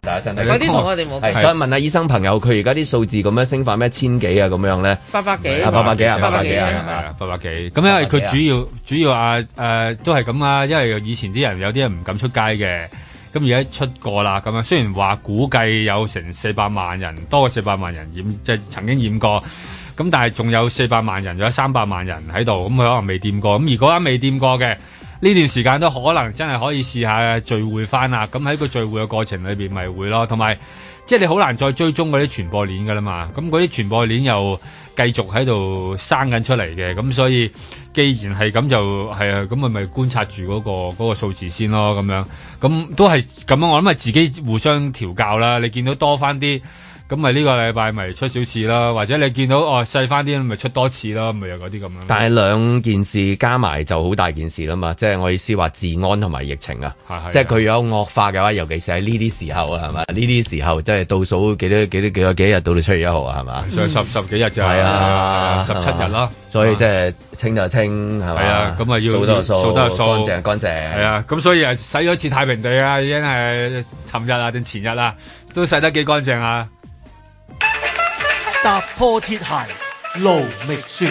問下身體。嗰啲同我哋冇。係，所以問下醫生朋友，佢而家啲數字咁樣升化咩千幾啊咁樣咧？八百幾啊？八百幾啊？八百幾啊？八百幾？咁因為佢主要主要啊誒都係咁啊因為，以前啲人有啲人唔敢出街嘅，咁而家出過啦，咁啊雖然話估計有成四百萬人多過四百萬人染，即係曾經染過咁但係，仲有四百萬人，仲有三百萬人喺度，咁佢可能未掂過咁而嗰啲未掂過嘅。呢段時間都可能真係可以試下啊，聚會翻啊！咁喺個聚會嘅過程裏邊咪會咯，同埋即係你好難再追蹤嗰啲傳播鏈噶啦嘛！咁嗰啲傳播鏈又繼續喺度生緊出嚟嘅，咁所以既然係咁就係啊，咁咪咪觀察住嗰個嗰個數字先咯，咁樣咁都係咁樣。我諗咪自己互相調教啦。你見到多翻啲。咁咪呢個禮拜咪出少次啦，或者你見到哦細翻啲咪出多次咯，咪有嗰啲咁樣。但係兩件事加埋就好大件事啦嘛，即係我意思話治安同埋疫情啊，即係佢有惡化嘅話，尤其是喺呢啲時候啊，係咪呢啲時候即係倒數幾多幾多幾多幾多日到到七月一號啊，係嘛？十十幾日就係啊，十七日咯。吧所以即係清就清係啊，咁啊要掃多掃，掃得乾淨乾淨係啊，咁所以啊洗咗次太平地啊，已經係尋日啊定前日啊，都洗得幾乾淨啊！踏破鐵鞋勞覓雪，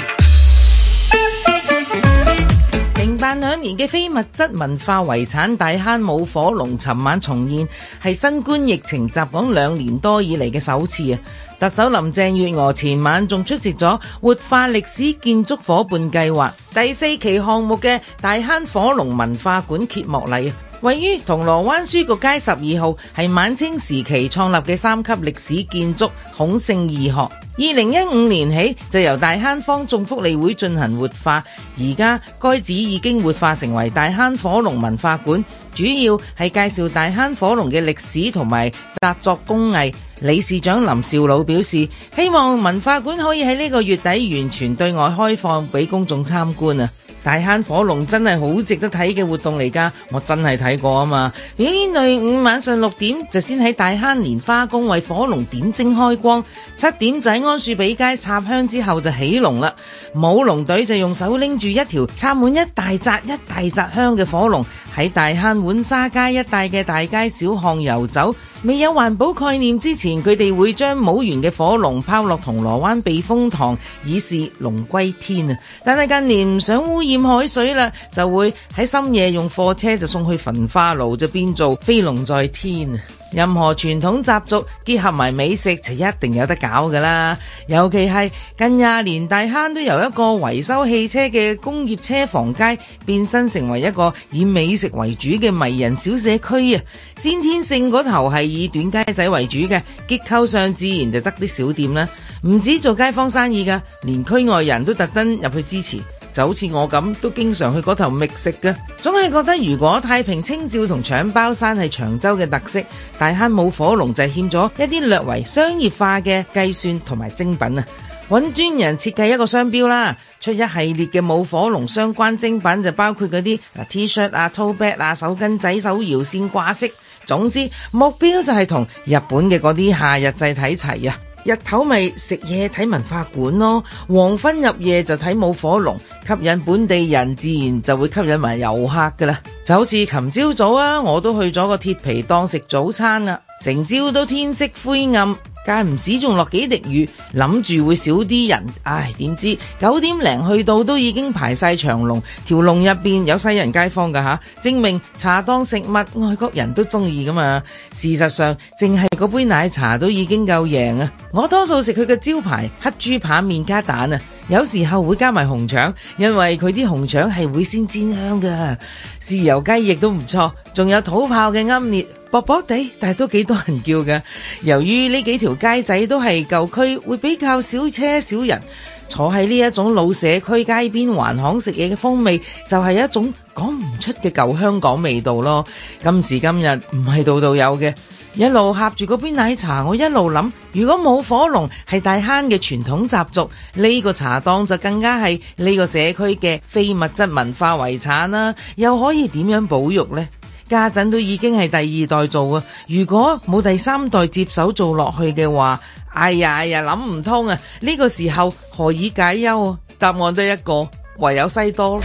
停辦兩年嘅非物質文化遺產大坑舞火龍，尋晚重現係新冠疫情襲港兩年多以嚟嘅首次啊！特首林鄭月娥前晚仲出席咗活化歷史建築伙伴計劃第四期項目嘅大坑火龍文化館揭幕禮位於銅鑼灣書局街十二號，係晚清時期創立嘅三級歷史建築孔聖義學。二零一五年起就由大坑坊眾福利會進行活化，而家該址已經活化成為大坑火龍文化館，主要係介紹大坑火龍嘅歷史同埋紮作工藝。理事長林兆魯表示，希望文化館可以喺呢個月底完全對外開放俾公眾參觀啊！大坑火龍真係好值得睇嘅活動嚟㗎，我真係睇過啊嘛！喺內午晚上六點就先喺大坑蓮花宮為火龍點睛開光，七點就喺安樹比街插香之後就起龍啦。舞龍隊就用手拎住一條插滿一大紮一大紮香嘅火龍，喺大坑碗沙街一帶嘅大街小巷遊走。未有環保概念之前，佢哋會將舞完嘅火龍拋落銅鑼灣避風塘，以示龍歸天啊！但係近年唔想污染。掂海水啦，就會喺深夜用貨車就送去焚化爐，就變做飛龍在天。任何傳統習俗結合埋美食就一定有得搞噶啦。尤其係近廿年，大坑都由一個維修汽車嘅工業車房街，變身成為一個以美食為主嘅迷人小社區啊！先天性嗰頭係以短街仔為主嘅，結構上自然就得啲小店啦。唔止做街坊生意噶，連區外人都特登入去支持。就好似我咁，都經常去嗰頭覓食嘅，總係覺得如果太平清醮同搶包山係長洲嘅特色，大坑冇火龍就係欠咗一啲略為商業化嘅計算同埋精品啊！揾專人設計一個商標啦，出一系列嘅冇火龍相關精品，就包括嗰啲 T-shirt 啊、tote bag 啊、手巾仔、手搖扇掛飾，總之目標就係同日本嘅嗰啲夏日祭睇齊啊！日頭咪食嘢睇文化館咯，黃昏入夜就睇舞火龍，吸引本地人，自然就會吸引埋遊客㗎喇。就好似琴朝早啊，我都去咗個鐵皮檔食早餐啦。成朝都天色灰暗，間唔時仲落幾滴雨，諗住會少啲人，唉、哎，點知九點零去到都已經排晒長龍，條龍入邊有西人街坊噶吓，證明茶檔食物外國人都中意噶嘛，事實上淨係嗰杯奶茶都已經夠贏啊，我多數食佢嘅招牌黑豬扒麵加蛋啊。有時候會加埋紅腸，因為佢啲紅腸係會先煎香噶。豉油雞亦都唔錯，仲有土炮嘅奄列，薄薄地，但係都幾多人叫噶。由於呢幾條街仔都係舊區，會比較少車少人，坐喺呢一種老社區街邊環巷食嘢嘅風味，就係一種講唔出嘅舊香港味道咯。今時今日唔係度度有嘅。一路呷住嗰杯奶茶，我一路諗：如果冇火龍係大坑嘅傳統習俗，呢個茶檔就更加係呢個社區嘅非物質文化遺產啦。又可以點樣保育呢？家陣都已經係第二代做啊，如果冇第三代接手做落去嘅話，哎呀哎呀，諗唔通啊！呢個時候何以解憂啊？答案得一個，唯有西多。